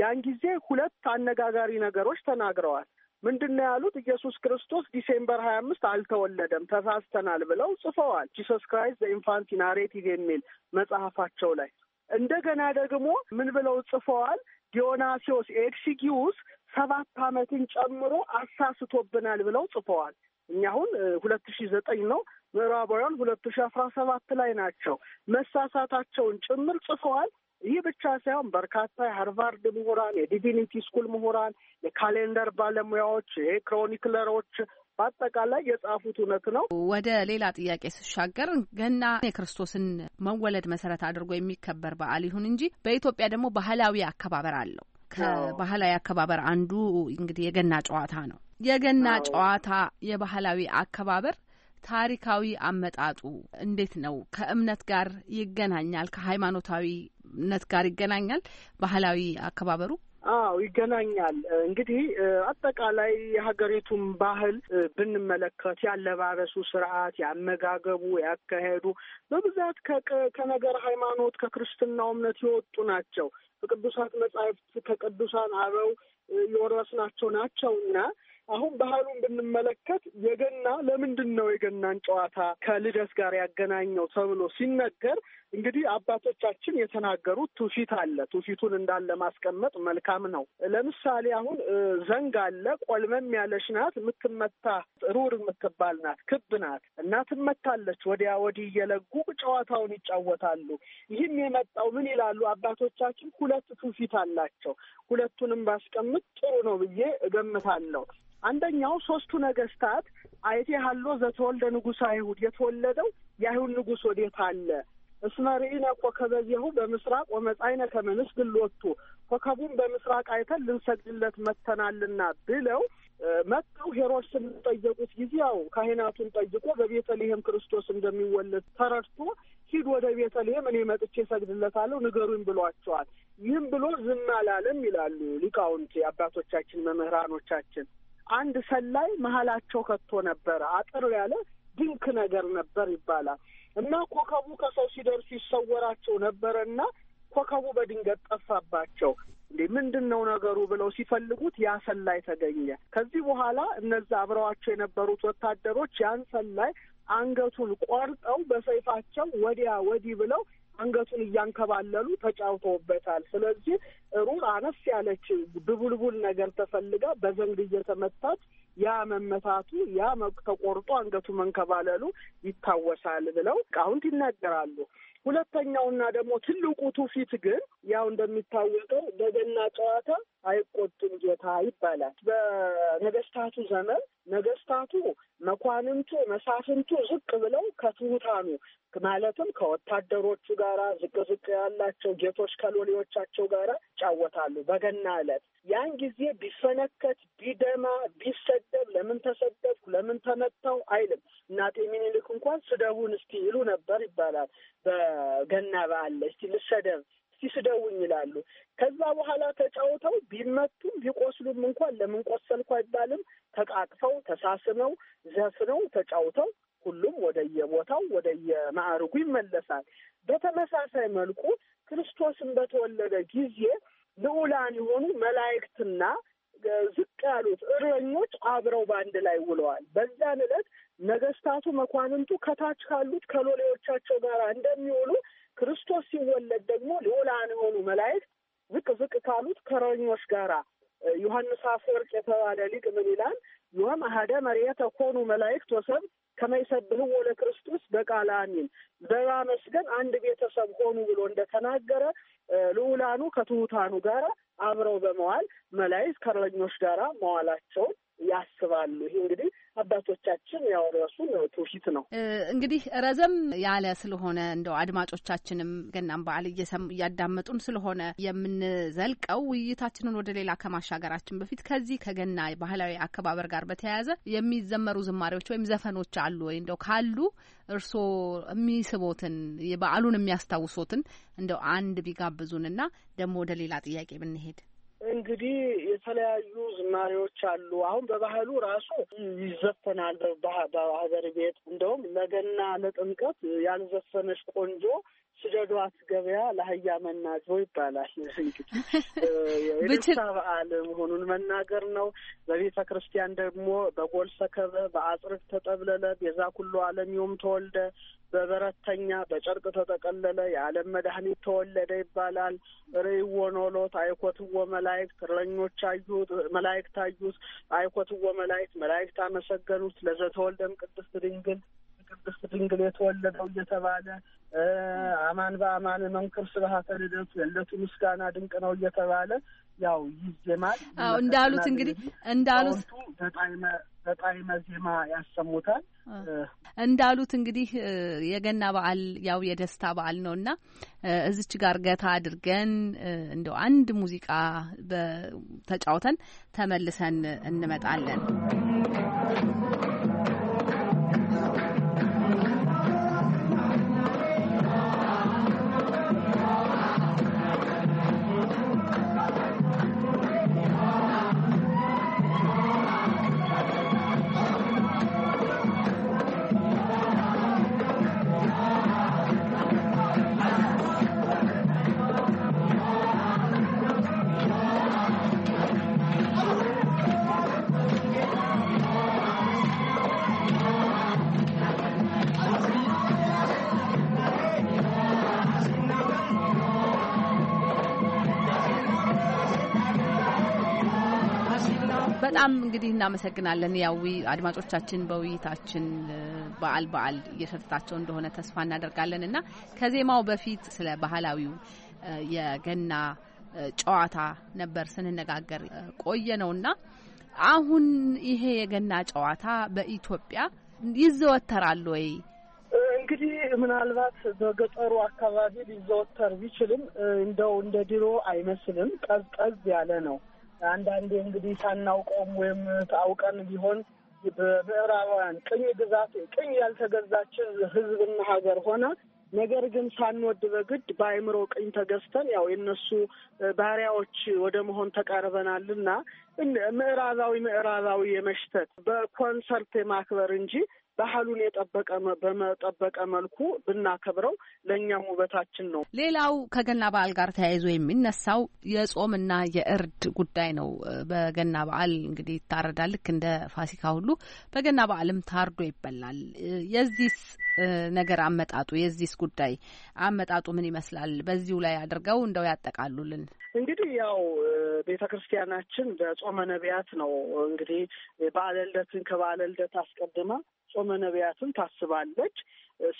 ያን ጊዜ ሁለት አነጋጋሪ ነገሮች ተናግረዋል። ምንድን ነው ያሉት? ኢየሱስ ክርስቶስ ዲሴምበር ሀያ አምስት አልተወለደም ተሳስተናል ብለው ጽፈዋል። ጂሰስ ክራይስት ኢንፋንቲ ናሬቲቭ የሚል መጽሐፋቸው ላይ እንደገና ደግሞ ምን ብለው ጽፈዋል? ዲዮናሲዮስ ኤክሲጊዩስ ሰባት አመትን ጨምሮ አሳስቶብናል ብለው ጽፈዋል። እኛ አሁን ሁለት ሺ ዘጠኝ ነው ምዕራባውያን ሁለት ሺ አስራ ሰባት ላይ ናቸው። መሳሳታቸውን ጭምር ጽፈዋል። ይህ ብቻ ሳይሆን በርካታ የሃርቫርድ ምሁራን፣ የዲቪኒቲ ስኩል ምሁራን፣ የካሌንደር ባለሙያዎች፣ የክሮኒክለሮች በአጠቃላይ የጻፉት እውነት ነው። ወደ ሌላ ጥያቄ ስሻገር ገና የክርስቶስን መወለድ መሰረት አድርጎ የሚከበር በዓል ይሁን እንጂ በኢትዮጵያ ደግሞ ባህላዊ አከባበር አለው። ከባህላዊ አከባበር አንዱ እንግዲህ የገና ጨዋታ ነው። የገና ጨዋታ የባህላዊ አከባበር ታሪካዊ አመጣጡ እንዴት ነው? ከእምነት ጋር ይገናኛል? ከሃይማኖታዊነት ጋር ይገናኛል ባህላዊ አከባበሩ? አዎ ይገናኛል። እንግዲህ አጠቃላይ የሀገሪቱን ባህል ብንመለከት ያለባበሱ ስርዓት፣ ያመጋገቡ፣ ያካሄዱ በብዛት ከነገር ሃይማኖት ከክርስትናው እምነት የወጡ ናቸው። በቅዱሳት መጻሕፍት ከቅዱሳን አበው የወረስናቸው ናቸው እና አሁን ባህሉን ብንመለከት የገና ለምንድን ነው የገናን ጨዋታ ከልደት ጋር ያገናኘው ተብሎ ሲነገር እንግዲህ አባቶቻችን የተናገሩት ትውፊት አለ። ትውፊቱን እንዳለ ማስቀመጥ መልካም ነው። ለምሳሌ አሁን ዘንግ አለ። ቆልመም ያለች ናት፣ የምትመታ ሩር የምትባል ናት፣ ክብ ናት እና ትመታለች። ወዲያ ወዲህ እየለጉ ጨዋታውን ይጫወታሉ። ይህም የመጣው ምን ይላሉ አባቶቻችን፣ ሁለት ትውፊት አላቸው። ሁለቱንም ባስቀምጥ ጥሩ ነው ብዬ እገምታለሁ። አንደኛው ሶስቱ ነገስታት አይቴ ሀሎ ዘተወልደ ንጉሠ አይሁድ የተወለደው የአይሁድ ንጉሥ ወዴት አለ እስመ ርኢነ ኮከበዚሁ በምስራቅ ወመጻእነ ከመንስ ግሎቱ ኮከቡን በምስራቅ አይተን ልንሰግድለት መተናልና ብለው መጥተው ሄሮድስን ጠየቁት ጊዜ ያው ካህናቱን ጠይቆ በቤተልሔም ክርስቶስ እንደሚወለድ ተረድቶ ሂድ ወደ ቤተልሔም እኔ መጥቼ እሰግድለታለሁ ንገሩኝ ብሏቸዋል። ይህም ብሎ ዝም አላለም ይላሉ ሊቃውንት አባቶቻችን መምህራኖቻችን። አንድ ሰላይ መሀላቸው ከቶ ነበረ። አጥር ያለ ድንክ ነገር ነበር ይባላል። እና ኮከቡ ከሰው ሲደርሱ ይሰወራቸው ነበረ እና ኮከቡ በድንገት ጠፋባቸው። እንዴ ምንድን ነው ነገሩ ብለው ሲፈልጉት ያ ሰላይ ተገኘ። ከዚህ በኋላ እነዛ አብረዋቸው የነበሩት ወታደሮች ያን ሰላይ አንገቱን ቆርጠው በሰይፋቸው ወዲያ ወዲህ ብለው አንገቱን እያንከባለሉ ተጫውተውበታል። ስለዚህ ሩም አነስ ያለች ድቡልቡል ነገር ተፈልጋ በዘንግ እየተመታች ያ መመታቱ ያ ተቆርጦ አንገቱ መንከባለሉ ይታወሳል ብለው ቃውንት ይናገራሉ። ሁለተኛውና ደግሞ ትልቁ ትውፊት ግን ያው እንደሚታወቀው በገና ጨዋታ አይቆጡም ጌታ ይባላል። በነገስታቱ ዘመን ነገስታቱ፣ መኳንንቱ፣ መሳፍንቱ ዝቅ ብለው ከትሑታኑ ማለትም ከወታደሮቹ ጋራ ዝቅ ዝቅ ያላቸው ጌቶች ከሎሌዎቻቸው ጋራ ይጫወታሉ በገና ዕለት። ያን ጊዜ ቢፈነከት፣ ቢደማ፣ ቢሰደብ ለምን ተሰደብኩ ለምን ተመታው አይልም። እናጤ ምኒልክ እንኳን ስደቡን እስቲ ይሉ ነበር ይባላል። ገና በዓል ላይ እስቲ ልሰደብ እስቲ ስደውኝ ይላሉ። ከዛ በኋላ ተጫውተው ቢመቱም ቢቆስሉም እንኳን ለምን ቆሰልኩ አይባልም። ተቃቅፈው ተሳስመው ዘፍነው ተጫውተው ሁሉም ወደየቦታው ወደየማዕርጉ ይመለሳል። በተመሳሳይ መልኩ ክርስቶስን በተወለደ ጊዜ ልዑላን የሆኑ መላእክትና ዝቅ ያሉት እረኞች አብረው በአንድ ላይ ውለዋል። በዛን ዕለት ነገስታቱ፣ መኳንንቱ ከታች ካሉት ከሎሌዎቻቸው ጋር እንደሚውሉ ክርስቶስ ሲወለድ ደግሞ ልዑላን የሆኑ መላእክት ዝቅ ዝቅ ካሉት ከረኞች ጋራ ዮሐንስ አፈወርቅ የተባለ ሊቅ ምን ይላል? ዮም አሀደ መሬተ ኮኑ መላእክት ወሰብእ ከመይሰብህዎ ለክርስቶስ በቃለ አሚን በማመስገን አንድ ቤተሰብ ሆኑ ብሎ እንደተናገረ ልዑላኑ ከትሑታኑ ጋር አብረው በመዋል መላእክት ከእረኞች ጋር መዋላቸውን ያስባሉ። ይሄ እንግዲህ አባቶቻችን ያወረሱን ትውፊት ነው። እንግዲህ ረዘም ያለ ስለሆነ እንደው አድማጮቻችንም ገናም በዓል እያዳመጡን ስለሆነ የምንዘልቀው ውይይታችንን ወደ ሌላ ከማሻገራችን በፊት ከዚህ ከገና ባህላዊ አከባበር ጋር በተያያዘ የሚዘመሩ ዝማሬዎች ወይም ዘፈኖች አሉ ወይ? እንደው ካሉ እርስዎ የሚስቦትን በአሉን የሚያስታውሶትን እንደው አንድ ቢጋብዙንና ደግሞ ወደ ሌላ ጥያቄ ብንሄድ እንግዲህ የተለያዩ ዝማሬዎች አሉ። አሁን በባህሉ ራሱ ይዘፈናል። በሀገር ቤት እንደውም ለገና ለጥምቀት ያልዘፈነች ቆንጆ ስደዷት ገበያ ለአህያ መናጆ ይባላል። እንግዲህ የኤልሳ በዓል መሆኑን መናገር ነው። በቤተ ክርስቲያን ደግሞ በጎል ሰከበ በአጽርግ ተጠብለለ ቤዛ ኩሎ ዓለም ዮም ተወልደ በበረተኛ በጨርቅ ተጠቀለለ የዓለም መድኃኒት ተወለደ ይባላል። ርእይዎ ኖሎት አይኮትዎ መላእክት እረኞች አዩት መላእክት አዩት አይኮትዎ መላእክት መላእክት አመሰገኑት ለዘተወልደም ቅድስት ድንግል ቅድስት ድንግል የተወለደው እየተባለ አማን በአማን መንክር ስብሐተ ልደቱ የለቱ ምስጋና ድንቅ ነው እየተባለ ያው ይዜማል። አዎ እንዳሉት እንግዲህ እንዳሉት በጣይመ በጣይመ ዜማ ያሰሙታል። እንዳሉት እንግዲህ የገና በዓል ያው የደስታ በዓል ነው እና እዚች ጋር ገታ አድርገን እንደው አንድ ሙዚቃ ተጫውተን ተመልሰን እንመጣለን። እንግዲህ እናመሰግናለን። ያው አድማጮቻችን በውይይታችን በዓል በዓል እየሸተታቸው እንደሆነ ተስፋ እናደርጋለን እና ከዜማው በፊት ስለ ባህላዊው የገና ጨዋታ ነበር ስንነጋገር ቆየ ነውና አሁን ይሄ የገና ጨዋታ በኢትዮጵያ ይዘወተራል ወይ? እንግዲህ ምናልባት በገጠሩ አካባቢ ሊዘወተር ቢችልም እንደው እንደ ድሮ አይመስልም። ቀዝቀዝ ያለ ነው አንዳንዴ እንግዲህ ሳናውቀውም ወይም ታውቀን ቢሆን በምዕራባውያን ቅኝ ግዛት ቅኝ ያልተገዛችን ህዝብና ሀገር ሆነ ነገር ግን ሳንወድ በግድ በአእምሮ ቅኝ ተገዝተን ያው የነሱ ባሪያዎች ወደ መሆን ተቃርበናልና ምዕራባዊ ምዕራባዊ የመሽተት በኮንሰርት የማክበር እንጂ ባህሉን የጠበቀ በመጠበቀ መልኩ ብናከብረው ለእኛም ውበታችን ነው። ሌላው ከገና በዓል ጋር ተያይዞ የሚነሳው የጾምና የእርድ ጉዳይ ነው። በገና በዓል እንግዲህ ይታረዳል፣ ልክ እንደ ፋሲካ ሁሉ በገና በዓልም ታርዶ ይበላል። የዚህ ነገር አመጣጡ የዚህስ ጉዳይ አመጣጡ ምን ይመስላል? በዚሁ ላይ አድርገው እንደው ያጠቃሉልን። እንግዲህ ያው ቤተ ክርስቲያናችን በጾመ ነቢያት ነው እንግዲህ በዓለ ልደትን ከበዓለ ልደት አስቀድማ ጾመ ነቢያትን ታስባለች።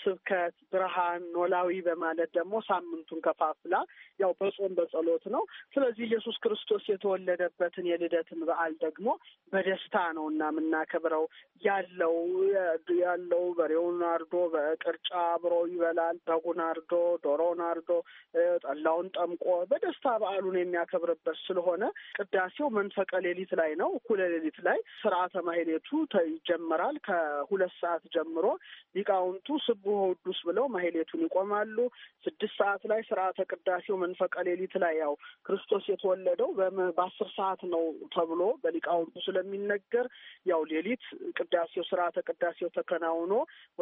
ስብከት፣ ብርሃን፣ ኖላዊ በማለት ደግሞ ሳምንቱን ከፋፍላ ያው በጾም በጸሎት ነው። ስለዚህ ኢየሱስ ክርስቶስ የተወለደበትን የልደትን በዓል ደግሞ በደስታ ነው እና የምናከብረው። ያለው ያለው በሬውን አርዶ በቅርጫ አብሮ ይበላል። በጉን አርዶ፣ ዶሮን አርዶ፣ ጠላውን ጠምቆ በደስታ በዓሉን የሚያከብርበት ስለሆነ ቅዳሴው መንፈቀ ሌሊት ላይ ነው። እኩለ ሌሊት ላይ ስርዓተ ማህሌቱ ይጀመራል። ከሁለት ሰዓት ጀምሮ ሊቃውንቱ ስቡሕ ውዱስ ብለው ማህሌቱን ይቆማሉ። ስድስት ሰዓት ላይ ስርዓተ ቅዳሴው መንፈቀ ሌሊት ላይ ያው ክርስቶስ የተወለደው በአስር ሰዓት ነው ተብሎ በሊቃውንቱ ስለሚነገር ያው ሌሊት ቅዳሴው ስርዓተ ቅዳሴው ተከናውኖ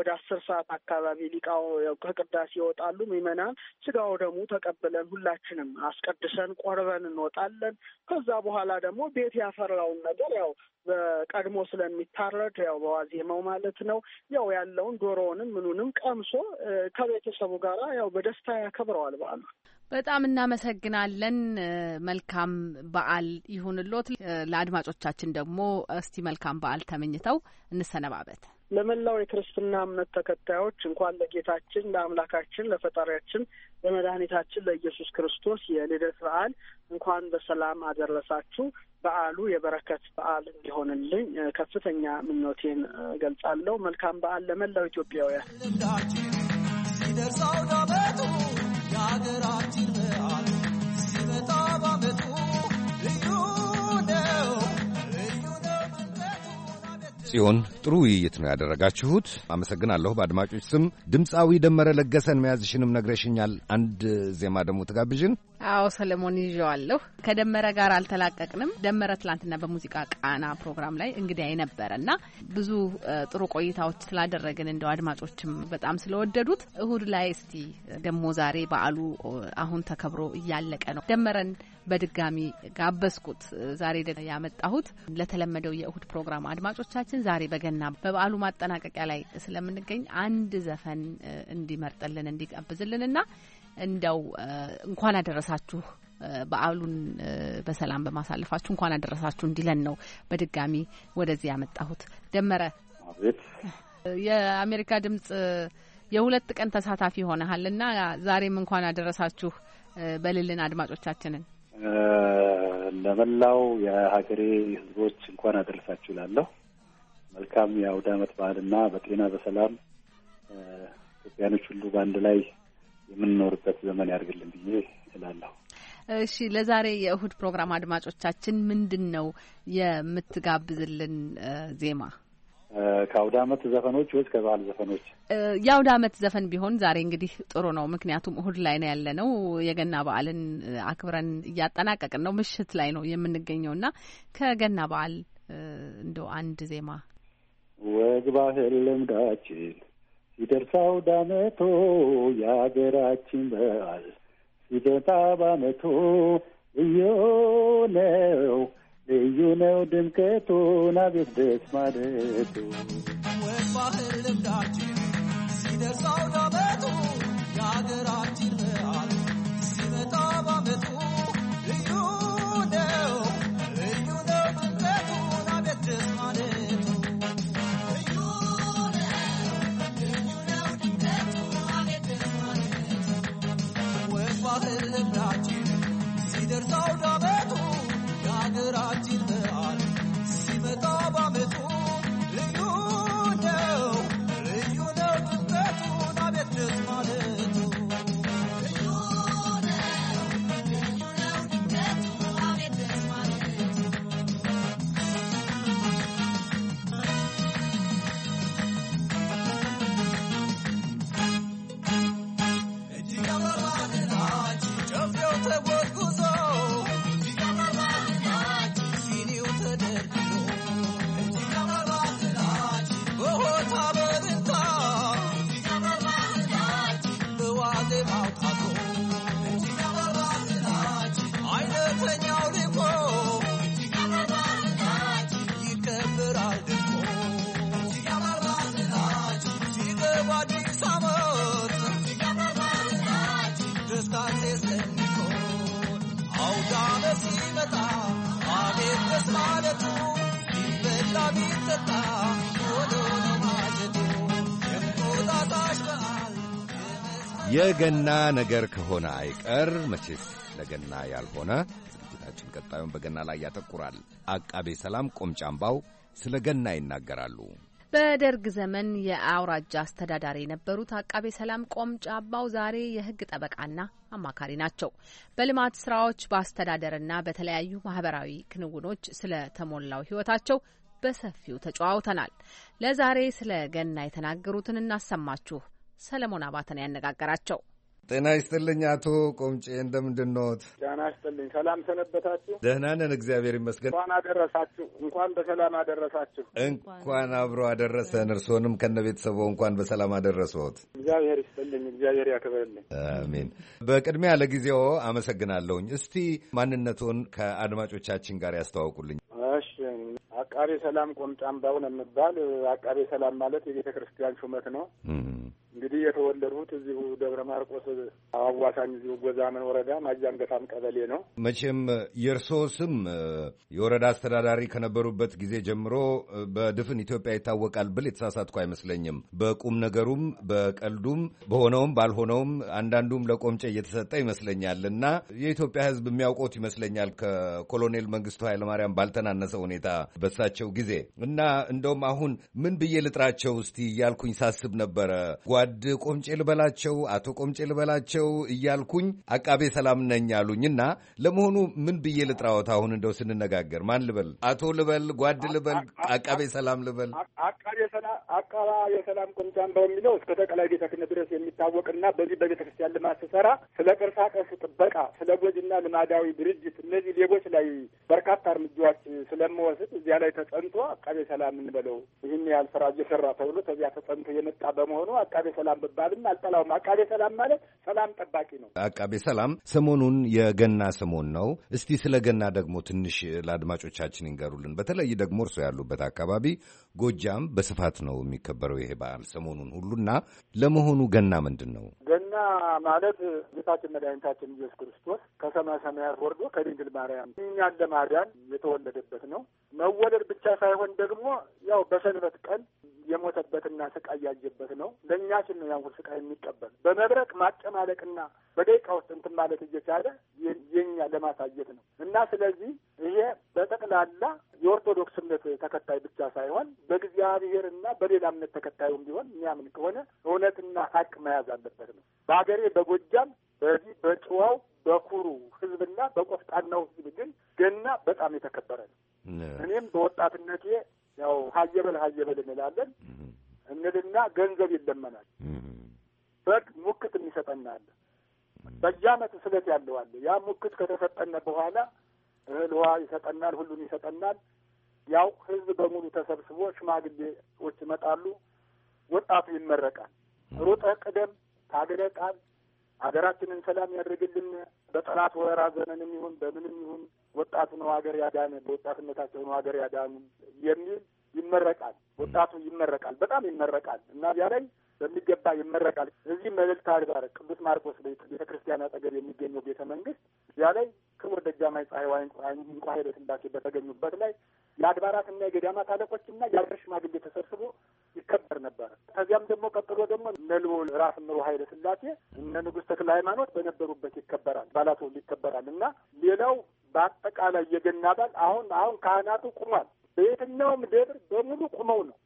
ወደ አስር ሰዓት አካባቢ ሊቃው ከቅዳሴ ይወጣሉ። ምዕመናን ስጋው ደግሞ ተቀብለን ሁላችንም አስቀድሰን ቆርበን እንወጣለን። ከዛ በኋላ ደግሞ ቤት ያፈራውን ነገር ያው በቀድሞ ስለሚታረድ ያው በዋዜማው ማለት ነው ያው ያለውን ዶሮውንም ምኑንም ቀምሶ ከቤተሰቡ ጋር ያው በደስታ ያከብረዋል በዓሉ። በጣም እናመሰግናለን። መልካም በዓል ይሁንሎት። ለአድማጮቻችን ደግሞ እስቲ መልካም በዓል ተመኝተው እንሰነባበት። ለመላው የክርስትና እምነት ተከታዮች እንኳን ለጌታችን ለአምላካችን ለፈጣሪያችን ለመድኃኒታችን ለኢየሱስ ክርስቶስ የልደት በዓል እንኳን በሰላም አደረሳችሁ። በዓሉ የበረከት በዓል እንዲሆንልኝ ከፍተኛ ምኞቴን ገልጻለሁ። መልካም በዓል ለመላው ኢትዮጵያውያን። ሲደርሳው ዳመቱ የሀገራችን በዓል ሲመጣ ባመቱ ጽዮን፣ ጥሩ ውይይት ነው ያደረጋችሁት። አመሰግናለሁ። በአድማጮች ስም ድምፃዊ ደመረ ለገሰን መያዝሽንም ነግረሽኛል። አንድ ዜማ ደግሞ ትጋብዥን። አዎ ሰለሞን ይዤዋለሁ። ከደመረ ጋር አልተላቀቅንም። ደመረ ትላንትና በሙዚቃ ቃና ፕሮግራም ላይ እንግዳዬ ነበረ እና ብዙ ጥሩ ቆይታዎች ስላደረግን እንደው አድማጮችም በጣም ስለወደዱት እሁድ ላይ እስቲ ደግሞ ዛሬ በዓሉ አሁን ተከብሮ እያለቀ ነው። ደመረን በድጋሚ ጋበዝኩት። ዛሬ ያመጣሁት ለተለመደው የእሁድ ፕሮግራም አድማጮቻችን ዛሬ በገና በበዓሉ ማጠናቀቂያ ላይ ስለምንገኝ አንድ ዘፈን እንዲመርጥልን እንዲጋብዝልን ና እንደው እንኳን አደረሳችሁ በዓሉን በሰላም በማሳለፋችሁ እንኳን አደረሳችሁ እንዲለን ነው በድጋሚ ወደዚህ ያመጣሁት። ደመረ፣ የአሜሪካ ድምጽ የሁለት ቀን ተሳታፊ ሆነሃል እና ዛሬም እንኳን አደረሳችሁ በልልን አድማጮቻችንን። ለመላው የሀገሬ ሕዝቦች እንኳን አደረሳችሁ ላለሁ መልካም የአውደ ዓመት በዓልና በጤና በሰላም ኢትዮጵያኖች ሁሉ በአንድ ላይ የምንኖርበት ዘመን ያርግልን ብዬ እላለሁ። እሺ፣ ለዛሬ የእሁድ ፕሮግራም አድማጮቻችን ምንድን ነው የምትጋብዝልን ዜማ? ከአውደ አመት ዘፈኖች ወይስ ከበዓል ዘፈኖች? የአውደ አመት ዘፈን ቢሆን ዛሬ እንግዲህ ጥሩ ነው። ምክንያቱም እሁድ ላይ ነው ያለ ነው የገና በዓልን አክብረን እያጠናቀቅን ነው፣ ምሽት ላይ ነው የምንገኘው እና ከገና በዓል እንደው አንድ ዜማ ወግ ልምዳችን ይደርሳው ዳመቶ የሀገራችን በዓል ሲደጣ ባመቶ ልዩ ነው ልዩ ነው ድምቀቱን አቤት ደስ ማለቱ ወባህል ልምዳችን ሲደርስ የሀገራችን በዓል ሲመጣ ባመቱ ልዩ ነው በየመስሪያ የሀገራችን የገና ነገር ከሆነ አይቀር መቼስ ለገና ያልሆነ ዝግጅታችን ቀጣዩን በገና ላይ ያተኩራል። አቃቤ ሰላም ቆምጫምባው ስለ ገና ይናገራሉ። በደርግ ዘመን የአውራጃ አስተዳዳሪ የነበሩት አቃቤ ሰላም ቆምጫ አባው ዛሬ የሕግ ጠበቃና አማካሪ ናቸው። በልማት ስራዎች በአስተዳደርና በተለያዩ ማህበራዊ ክንውኖች ስለ ተሞላው ሕይወታቸው በሰፊው ተጨዋውተናል። ለዛሬ ስለ ገና የተናገሩትን እናሰማችሁ። ሰለሞን አባተን ያነጋገራቸው ጤና ይስጥልኝ አቶ ቆምጬ እንደምንድንኖት? ጤና ይስጥልኝ። ሰላም ሰነበታችሁ? ደህና ነን እግዚአብሔር ይመስገን። እንኳን አደረሳችሁ። እንኳን በሰላም አደረሳችሁ። እንኳን አብሮ አደረሰን። እርስዎንም ከነ ቤተሰቦ እንኳን በሰላም አደረሰዎት። እግዚአብሔር ይስጥልኝ። እግዚአብሔር ያክብርልኝ። አሜን። በቅድሚያ ለጊዜው አመሰግናለሁኝ። እስቲ ማንነቱን ከአድማጮቻችን ጋር ያስተዋውቁልኝ። እሺ አቃቤ ሰላም ቆምጬ አምባው ነው የምባል። አቃቤ ሰላም ማለት የቤተ ክርስቲያን ሹመት ነው። እንግዲህ የተወለዱት እዚሁ ደብረ ማርቆስ አዋሳኝ እዚሁ ጎዛመን ወረዳ ማጃንገታም ቀበሌ ነው። መቼም የእርስዎ ስም የወረዳ አስተዳዳሪ ከነበሩበት ጊዜ ጀምሮ በድፍን ኢትዮጵያ ይታወቃል ብል የተሳሳትኩ አይመስለኝም። በቁም ነገሩም በቀልዱም በሆነውም ባልሆነውም አንዳንዱም ለቆምጨ እየተሰጠ ይመስለኛል እና የኢትዮጵያ ሕዝብ የሚያውቆት ይመስለኛል ከኮሎኔል መንግስቱ ኃይለማርያም ባልተናነሰ ሁኔታ በሳቸው ጊዜ እና እንደውም አሁን ምን ብዬ ልጥራቸው እስቲ እያልኩኝ ሳስብ ነበረ ጓድ ቆምጬ ልበላቸው፣ አቶ ቆምጬ ልበላቸው እያልኩኝ አቃቤ ሰላም ነኝ አሉኝ እና ለመሆኑ ምን ብዬ ልጥራዎት? አሁን እንደው ስንነጋገር ማን ልበል? አቶ ልበል፣ ጓድ ልበል፣ አቃቤ ሰላም ልበል? አቃቤ ሰላም ቁምጫን በሚለው እስከ ጠቅላይ ቤተ ክህነት ድረስ የሚታወቅና በዚህ በቤተ ክርስቲያን ልማት ስሰራ ስለ ቅርሳቀስ ጥበቃ፣ ስለ ጎጅና ልማዳዊ ድርጅት እነዚህ ሌቦች ላይ በርካታ እርምጃዎች ስለመወስድ እዚያ ላይ ተጸንቶ አቃቤ ሰላም እንበለው ይህን ያህል ስራ እየሰራ ተብሎ ከዚያ ተጸንቶ የመጣ በመሆኑ አቃቤ ሰላም ብባልም አልጠላውም። አቃቤ ሰላም ማለት ሰላም ጠባቂ ነው። አቃቤ ሰላም ሰሞኑን የገና ሰሞን ነው። እስቲ ስለ ገና ደግሞ ትንሽ ለአድማጮቻችን ይንገሩልን። በተለይ ደግሞ እርሶ ያሉበት አካባቢ ጎጃም በስፋት ነው የሚከበረው ይሄ በዓል ሰሞኑን ሁሉና ለመሆኑ ገና ምንድን ነው? ክርስትና ማለት ጌታችን መድኃኒታችን ኢየሱስ ክርስቶስ ከሰማይ ሰማያት ወርዶ ከድንግል ማርያም እኛን ለማዳን የተወለደበት ነው። መወለድ ብቻ ሳይሆን ደግሞ ያው በሰንበት ቀን የሞተበትና ስቃይ ያየበት ነው። ለእኛችን ነው ያን ስቃይ የሚቀበል በመብረቅ ማጨማለቅና በደቂቃ ውስጥ እንትን ማለት እየቻለ የኛ ለማሳየት ነው እና ስለዚህ ይሄ በጠቅላላ የኦርቶዶክስ እምነት ተከታይ ብቻ ሳይሆን በእግዚአብሔርና በሌላ እምነት ተከታዩም ቢሆን የሚያምን ከሆነ እውነትና ሀቅ መያዝ አለበት ነው። በሀገሬ በጎጃም በዚህ በጭዋው በኩሩ ህዝብና በቆፍጣናው ህዝብ ግን ገና በጣም የተከበረ ነው። እኔም በወጣትነቴ ያው ሀየበል ሀየበል እንላለን እንልና ገንዘብ ይለመናል። በግ ሙክት የሚሰጠና አለ። በየአመት ስለት ያለው ያ ሙክት ከተሰጠነ በኋላ እህል ውሃ ይሰጠናል፣ ሁሉን ይሰጠናል። ያው ህዝብ በሙሉ ተሰብስቦ ሽማግሌዎች ይመጣሉ፣ ወጣቱ ይመረቃል። ሩጠህ ቅደም ከሀገረ ቃል ሀገራችንን ሰላም ያደርግልን። በጠላት ወረራ ዘመንም ይሁን በምንም ይሁን ወጣቱ ነው ሀገር ያዳነ፣ በወጣትነታቸው ነው ሀገር ያዳኑ የሚል ይመረቃል። ወጣቱ ይመረቃል፣ በጣም ይመረቃል እና እዚያ ላይ በሚገባ ይመረቃል። እዚህ መልእክት አድባር ቅዱስ ማርቆስ ቤተ ክርስቲያን አጠገብ የሚገኘው ቤተ መንግስት እዚያ ላይ ክቡር ደጃማይ ፀሐይ እንኳ ኃይለ ሥላሴ በተገኙበት ላይ የአድባራትና የገዳማት አለቆችና የአገር ሽማግሌ ተሰብስቦ ይከበር ነበር። ከዚያም ደግሞ ቀጥሎ ደግሞ እነ ልዑል ራስ ምሩ ኃይለ ሥላሴ እነ ንጉሥ ተክለ ሃይማኖት በነበሩበት ይከበራል፣ ባላተወልድ ይከበራል እና ሌላው በአጠቃላይ የገና በዓል አሁን አሁን ካህናቱ ቁሟል። በየትኛውም ደብር በሙሉ ቁመው ነው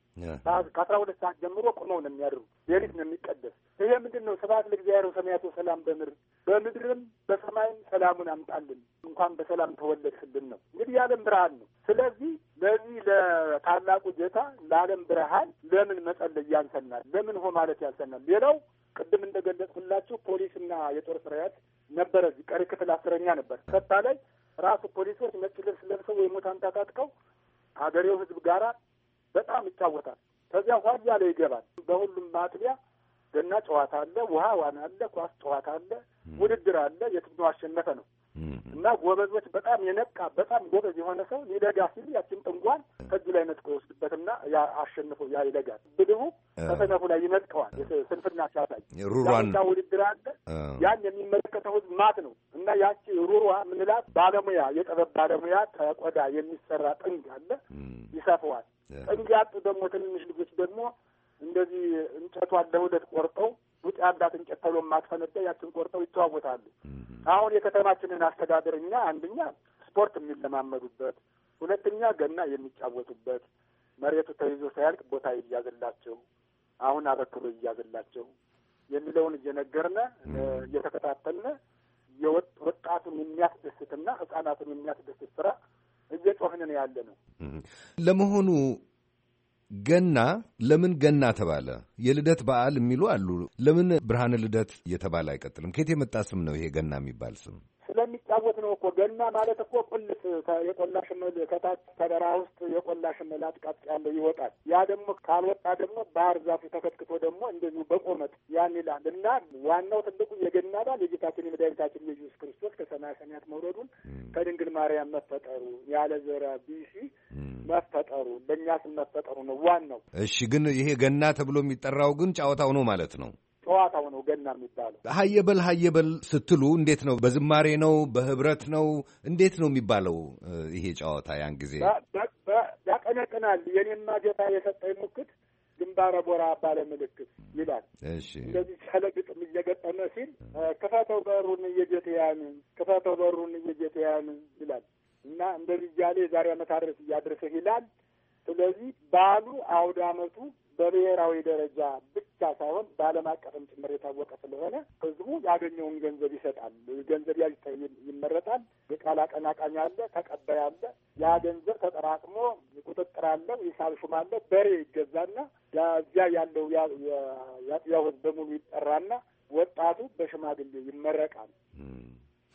ከአስራ ሁለት ሰዓት ጀምሮ ቆመው ነው የሚያድሩት። ሌሊት ነው የሚቀደስ። ይሄ ምንድን ነው? ስብሐት ለእግዚአብሔር ወሰማያት ሰላም በምድር በምድርም በሰማይም ሰላሙን አምጣልን እንኳን በሰላም ተወለድልን ነው። እንግዲህ የዓለም ብርሃን ነው። ስለዚህ ለዚህ ለታላቁ ጌታ ለዓለም ብርሃን ለምን መጸለይ ያንሰናል? ለምን ሆ ማለት ያንሰናል? ሌላው ቅድም እንደገለጽሁላችሁ ፖሊስና የጦር ስራያት ነበረ። እዚህ ቀሪ ክፍል አስረኛ ነበር። ከታ ላይ ራሱ ፖሊሶች ነጭ ልብስ ለብሰው ወይ ሙታን ታጥቀው ሀገሬው ህዝብ ጋራ በጣም ይጫወታል። ከዚያ ዋያ ላይ ይገባል። በሁሉም ማጥቢያ ገና ጨዋታ አለ፣ ውሃ ዋና አለ፣ ኳስ ጨዋታ አለ፣ ውድድር አለ። የትኛው አሸነፈ ነው እና ጎበዞች በጣም የነቃ በጣም ጎበዝ የሆነ ሰው ሊለጋ ሲል ያችን ጥንጓን ከእጁ ላይ ነጥቆ ይወስድበትና ያ አሸንፎ ያ ይለጋል። ብድቡ ከሰነፉ ላይ ይነጥቀዋል። ስንፍና ሲያሳይ ሩሯና ውድድር አለ። ያን የሚመለከተው ህዝብ ማት ነው እና ያቺ ሩሯ ምንላት ባለሙያ የጥበብ ባለሙያ ከቆዳ የሚሰራ ጥንግ አለ፣ ይሰፈዋል ጥንድ ያጡ ደግሞ ትንንሽ ልጆች ደግሞ እንደዚህ እንጨቷን ለሁለት ቆርጠው ውጭ አዳት እንጨት ተብሎ ማትፈነዳ ያችን ቆርጠው ይተዋወታሉ። አሁን የከተማችንን አስተዳደር እኛ አንደኛ ስፖርት የሚለማመዱበት፣ ሁለተኛ ገና የሚጫወቱበት መሬቱ ተይዞ ሳያልቅ ቦታ እያዘላቸው አሁን አበክሮ እያዘላቸው የሚለውን እየነገርነ እየተከታተልነ የወጣቱን የሚያስደስትና ህጻናቱን የሚያስደስት ስራ እየጮህን ነው ያለ ነው። ለመሆኑ ገና ለምን ገና ተባለ? የልደት በዓል የሚሉ አሉ። ለምን ብርሃነ ልደት እየተባለ አይቀጥልም? ከየት የመጣ ስም ነው ይሄ ገና የሚባል ስም? ስለሚጫወት ነው እኮ ገና ማለት እኮ ቁልፍ የቆላ ሽመል ከታች ተደራ ውስጥ የቆላ ሽመል አጥቃጥ ያለው ይወጣል። ያ ደግሞ ካልወጣ ደግሞ ባህር ዛፉ ተከትክቶ ደግሞ እንደዚሁ በቆመጥ ያን ይላል እና ዋናው ትልቁ የገና በዓል የጌታችን የመድኃኒታችን የኢየሱስ ክርስቶስ ከሰማያ ሰማያት መውረዱን ከድንግል ማርያም መፈጠሩ ያለ ዘራ ቢሲ መፈጠሩ በእኛ ስም መፈጠሩ ነው ዋናው። እሺ ግን ይሄ ገና ተብሎ የሚጠራው ግን ጨዋታው ነው ማለት ነው። ጨዋታው ነው ገና የሚባለው። ሀየበል ሀየበል ስትሉ እንዴት ነው? በዝማሬ ነው? በህብረት ነው? እንዴት ነው የሚባለው ይሄ ጨዋታ? ያን ጊዜ ያቀነቅናል። የኔማ ጌታ የሰጠኝ ሙክት ግንባረ ቦራ ባለ ምልክት ይላል። እንደዚህ ያለ ግጥም እየገጠመ ሲል ክፈተው በሩን እየጀትያን ክፈተው በሩን እየጀትያን ይላል እና እንደዚህ እያለ የዛሬ ዓመት አድረስ እያድርስህ ይላል ስለዚህ በዓሉ አውደ ዓመቱ በብሔራዊ ደረጃ ብቻ ሳይሆን በዓለም አቀፍም ጭምር የታወቀ ስለሆነ ህዝቡ ያገኘውን ገንዘብ ይሰጣል። ገንዘብ ያ ይመረጣል። የቃል አቀናቃኝ አለ፣ ተቀባይ አለ። ያ ገንዘብ ተጠራቅሞ ቁጥጥር አለው፣ ሂሳብ ሹም አለ። በሬ ይገዛና እዚያ ያለው ያጥቢያው ህዝብ በሙሉ ይጠራና ወጣቱ በሽማግሌ ይመረቃል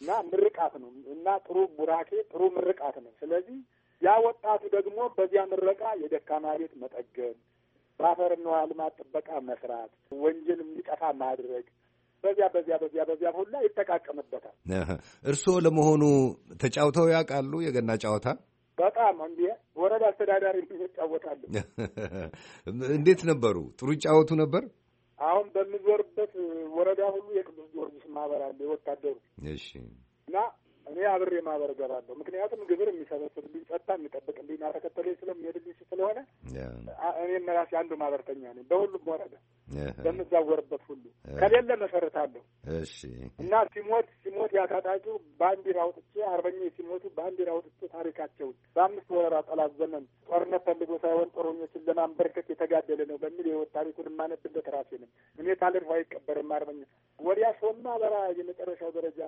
እና ምርቃት ነው እና ጥሩ ቡራኬ ጥሩ ምርቃት ነው። ስለዚህ ያ ወጣቱ ደግሞ በዚያ ምረቃ የደካማ ቤት መጠገን፣ በአፈርና ውሃ ልማት ጥበቃ መስራት፣ ወንጀል እንዲጠፋ ማድረግ በዚያ በዚያ በዚያ በዚያ ሁላ ይጠቃቀምበታል። እርስዎ ለመሆኑ ተጫውተው ያውቃሉ? የገና ጨዋታ በጣም እንዲ ወረዳ አስተዳዳሪ ይጫወታሉ። እንዴት ነበሩ? ጥሩ ይጫወቱ ነበር? አሁን በምዞርበት ወረዳ ሁሉ የቅዱስ ጊዮርጊስ ማህበር አለ የወታደሩ እና እኔ አብሬ ማህበር እገባለሁ። ምክንያቱም ግብር የሚሰበስብልኝ ጸጥታ የሚጠብቅልኝ እና ተከተሎኝ ስለሚሄድልኝ ስለሆነ እኔም ራሴ አንዱ ማህበርተኛ ነኝ። በሁሉም ወረዳ በምዛወርበት ሁሉ ከሌለ መሰረታለሁ። እሺ እና ሲሞት ሲሞት ያታጣቂው ባንዲራ አውጥቼ አርበኛ ሲሞቱ ባንዲራ አውጥቼ ታሪካቸውን በአምስት ወረራ ጠላት ዘመን ጦርነት ፈልጎ ሳይሆን ጦረኞችን ለማንበርከት የተጋደለ ነው በሚል የህይወት ታሪኩን የማነብበት ራሴ ነው። እኔ ታልን አይቀበርም አርበኛ ወዲያ ሶማ በረሃ የመጨረሻው ደረጃ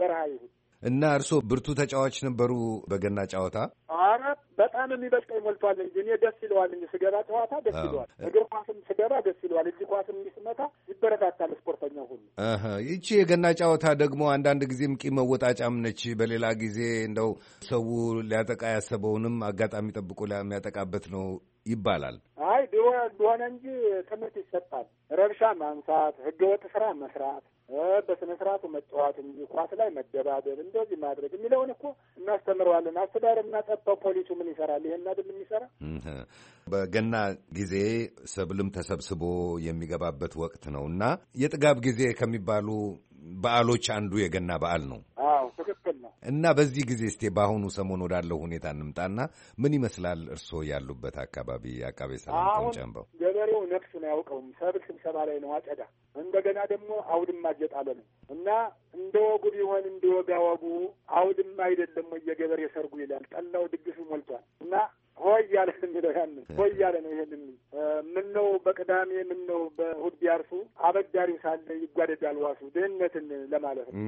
በረሃ ይሁን እና እርስዎ ብርቱ ተጫዋች ነበሩ በገና ጨዋታ? ኧረ በጣም የሚበልጠ ይሞልቷል እንጂ እኔ ደስ ይለዋል እ ስገባ ጨዋታ ደስ ይለዋል። እግር ኳስም ስገባ ደስ ይለዋል። እጅ ኳስም እንዲስመታ ይበረታታል ስፖርተኛ ሁሉ። ይቺ የገና ጨዋታ ደግሞ አንዳንድ ጊዜም ቂም መወጣጫም ነች። በሌላ ጊዜ እንደው ሰው ሊያጠቃ ያሰበውንም አጋጣሚ ጠብቆ የሚያጠቃበት ነው ይባላል። አይ ድሮ እንደሆነ እንጂ ትምህርት ይሰጣል። ረብሻ ማንሳት፣ ህገወጥ ስራ መስራት፣ በስነ ስርዓቱ መጫወት እንጂ ኳስ ላይ መደባደብ፣ እንደዚህ ማድረግ የሚለውን እኮ እናስተምረዋለን። አስተዳደር እናጠባ ፖሊሱ ምን ይሰራል? ይሄን አይደል የሚሰራ። በገና ጊዜ ሰብልም ተሰብስቦ የሚገባበት ወቅት ነው እና የጥጋብ ጊዜ ከሚባሉ በዓሎች አንዱ የገና በዓል ነው። አዎ ትክክል እና በዚህ ጊዜ እስቴ በአሁኑ ሰሞን ወዳለው ሁኔታ እንምጣና ምን ይመስላል እርስዎ ያሉበት አካባቢ አቃቤ ሰላም ጨምበው? ገበሬው ነፍሱን አያውቀውም። ሰብል ስብሰባ ላይ ነው፣ አጨዳ እንደገና ደግሞ አውድማ እየጣለ ነው እና እንደ ወጉ ቢሆን እንደ ወጋ ወጉ አውድማ አይደለም ወይ የገበሬ ሰርጉ ይላል። ጠላው ድግሱ ሞልቷል። ሆይ ያለ የሚለው ያንን ሆይ ያለ ነው። ይሄንን ምነው በቅዳሜ ምነው በእሑድ ቢያርሱ አበዳሪው ሳለ ይጓደዳል ዋሱ ድህነትን ለማለት ነው።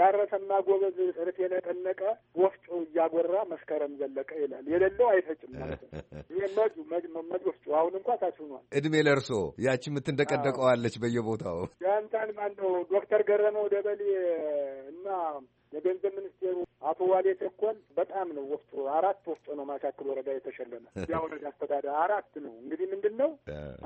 ያረሰማ ጎበዝ ጥርት የነቀነቀ ወፍጮ እያጎራ መስከረም ዘለቀ ይላል። የሌለው አይፈጭም ማለት ነው። ይህ መድ መመድ ወፍጮ አሁን እንኳ ታች እድሜ ለእርሶ ያቺ የምትንደቀደቀዋለች በየቦታው ያንታን ማን ዶክተር ገረመው ደበሌ እና የገንዘብ ሚኒስቴሩ አቶ ዋሌ ተኮል በጣም ነው ወፍጮ፣ አራት ወፍጮ ነው ማካከል ወረዳ የተሸለመ [LAUGHS] ያ ወረዳ አስተዳደር አራት ነው። እንግዲህ ምንድን ነው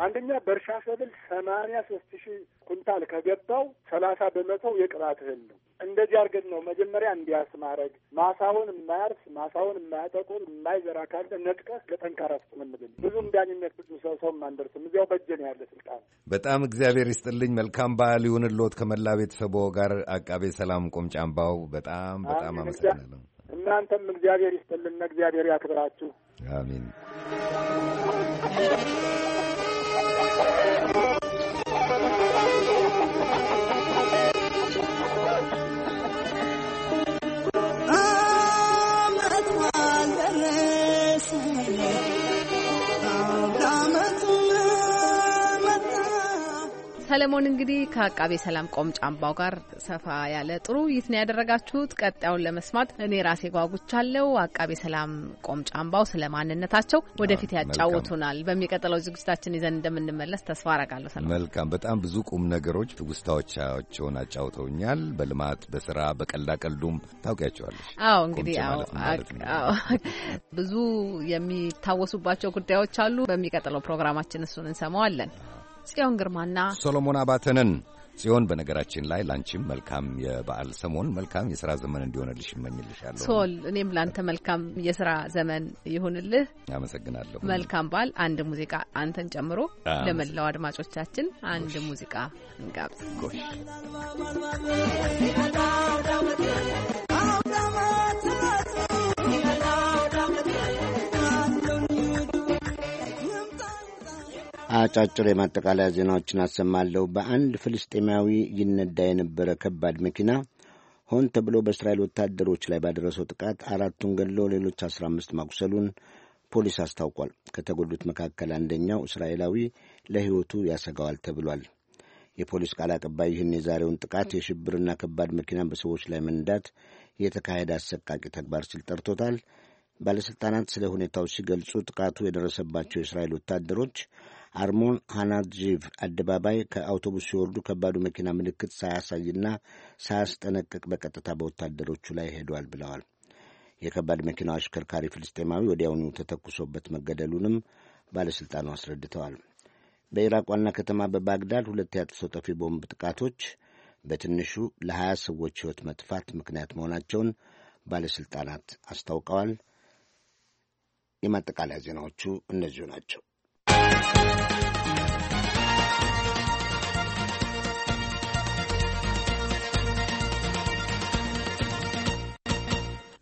አንደኛ በእርሻ ሰብል ሰማንያ ሶስት ሺህ ኩንታል ከገባው ሰላሳ በመቶው የቅባት እህል ነው። እንደዚህ አድርገን ነው መጀመሪያ እንዲያስ ማድረግ። ማሳውን የማያርስ ማሳውን የማያጠቁር የማይዘራ ካለ ነጥቀስ ለጠንካራ ስጥምንብን ብዙም ዳኝነት ብዙ ሰው ሰውም አንደርስም። እዚያው በጀን ያለ ስልጣን። በጣም እግዚአብሔር ይስጥልኝ። መልካም ባህል ይሁንልዎት ከመላ ቤተሰቦ ጋር አቃቤ ሰላም ቆምጫምባው በጣም በጣም አመሰግናለሁ። እናንተም እግዚአብሔር ይስጥልና እግዚአብሔር ያክብራችሁ። አሜን። ሰለሞን እንግዲህ ከአቃቤ ሰላም ቆም ጫምባው ጋር ሰፋ ያለ ጥሩ ውይይት ነው ያደረጋችሁት። ቀጣዩን ለመስማት እኔ ራሴ ጓጉቻለሁ። አቃቤ ሰላም ቆም ጫምባው ስለ ማንነታቸው ወደፊት ያጫውቱናል። በሚቀጥለው ዝግጅታችን ይዘን እንደምንመለስ ተስፋ አረጋለሁ። ሰላም መልካም። በጣም ብዙ ቁም ነገሮች ትውስታዎቻቸውን አጫውተውኛል። በልማት በስራ በቀልዳቀልዱም ታውቂያቸዋለች። አዎ እንግዲህ [LAUGHS] ብዙ የሚታወሱባቸው ጉዳዮች አሉ። በሚቀጥለው ፕሮግራማችን እሱን እንሰማዋለን። ጽዮን ግርማና ሶሎሞን አባተንን። ጽዮን፣ በነገራችን ላይ ላንቺም መልካም የበዓል ሰሞን መልካም የስራ ዘመን እንዲሆንልሽ ይመኝልሻለሁ። ሶል፣ እኔም ላንተ መልካም የስራ ዘመን ይሁንልህ። አመሰግናለሁ። መልካም በዓል። አንድ ሙዚቃ አንተን ጨምሮ ለመላው አድማጮቻችን አንድ ሙዚቃ እንጋብዝ። ጎሽ አጫጭር የማጠቃለያ ዜናዎችን አሰማለሁ። በአንድ ፍልስጤማዊ ይነዳ የነበረ ከባድ መኪና ሆን ተብሎ በእስራኤል ወታደሮች ላይ ባደረሰው ጥቃት አራቱን ገድሎ ሌሎች አስራ አምስት ማቁሰሉን ፖሊስ አስታውቋል። ከተጎዱት መካከል አንደኛው እስራኤላዊ ለሕይወቱ ያሰጋዋል ተብሏል። የፖሊስ ቃል አቀባይ ይህን የዛሬውን ጥቃት የሽብርና ከባድ መኪና በሰዎች ላይ መንዳት የተካሄደ አሰቃቂ ተግባር ሲል ጠርቶታል። ባለሥልጣናት ስለ ሁኔታው ሲገልጹ ጥቃቱ የደረሰባቸው የእስራኤል ወታደሮች አርሞን ሃናድሪቭ አደባባይ ከአውቶቡስ ሲወርዱ ከባዱ መኪና ምልክት ሳያሳይና ሳያስጠነቅቅ በቀጥታ በወታደሮቹ ላይ ሄዷል ብለዋል። የከባድ መኪናው አሽከርካሪ ፍልስጤማዊ ወዲያውኑ ተተኩሶበት መገደሉንም ባለሥልጣኑ አስረድተዋል። በኢራቅ ዋና ከተማ በባግዳድ ሁለት የአጥፍቶ ጠፊ ቦምብ ጥቃቶች በትንሹ ለሀያ ሰዎች ሕይወት መጥፋት ምክንያት መሆናቸውን ባለሥልጣናት አስታውቀዋል። የማጠቃለያ ዜናዎቹ እነዚሁ ናቸው።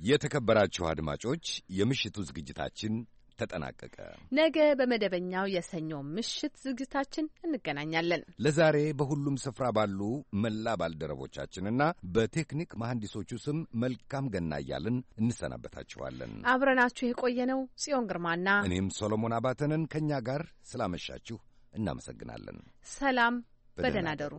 የተከበራችሁ አድማጮች የምሽቱ ዝግጅታችን ተጠናቀቀ። ነገ በመደበኛው የሰኞ ምሽት ዝግጅታችን እንገናኛለን። ለዛሬ በሁሉም ስፍራ ባሉ መላ ባልደረቦቻችንና በቴክኒክ መሐንዲሶቹ ስም መልካም ገና እያልን እንሰናበታችኋለን። አብረናችሁ የቆየነው ጽዮን ግርማና እኔም ሶሎሞን አባተንን ከእኛ ጋር ስላመሻችሁ እናመሰግናለን። ሰላም፣ በደህና you.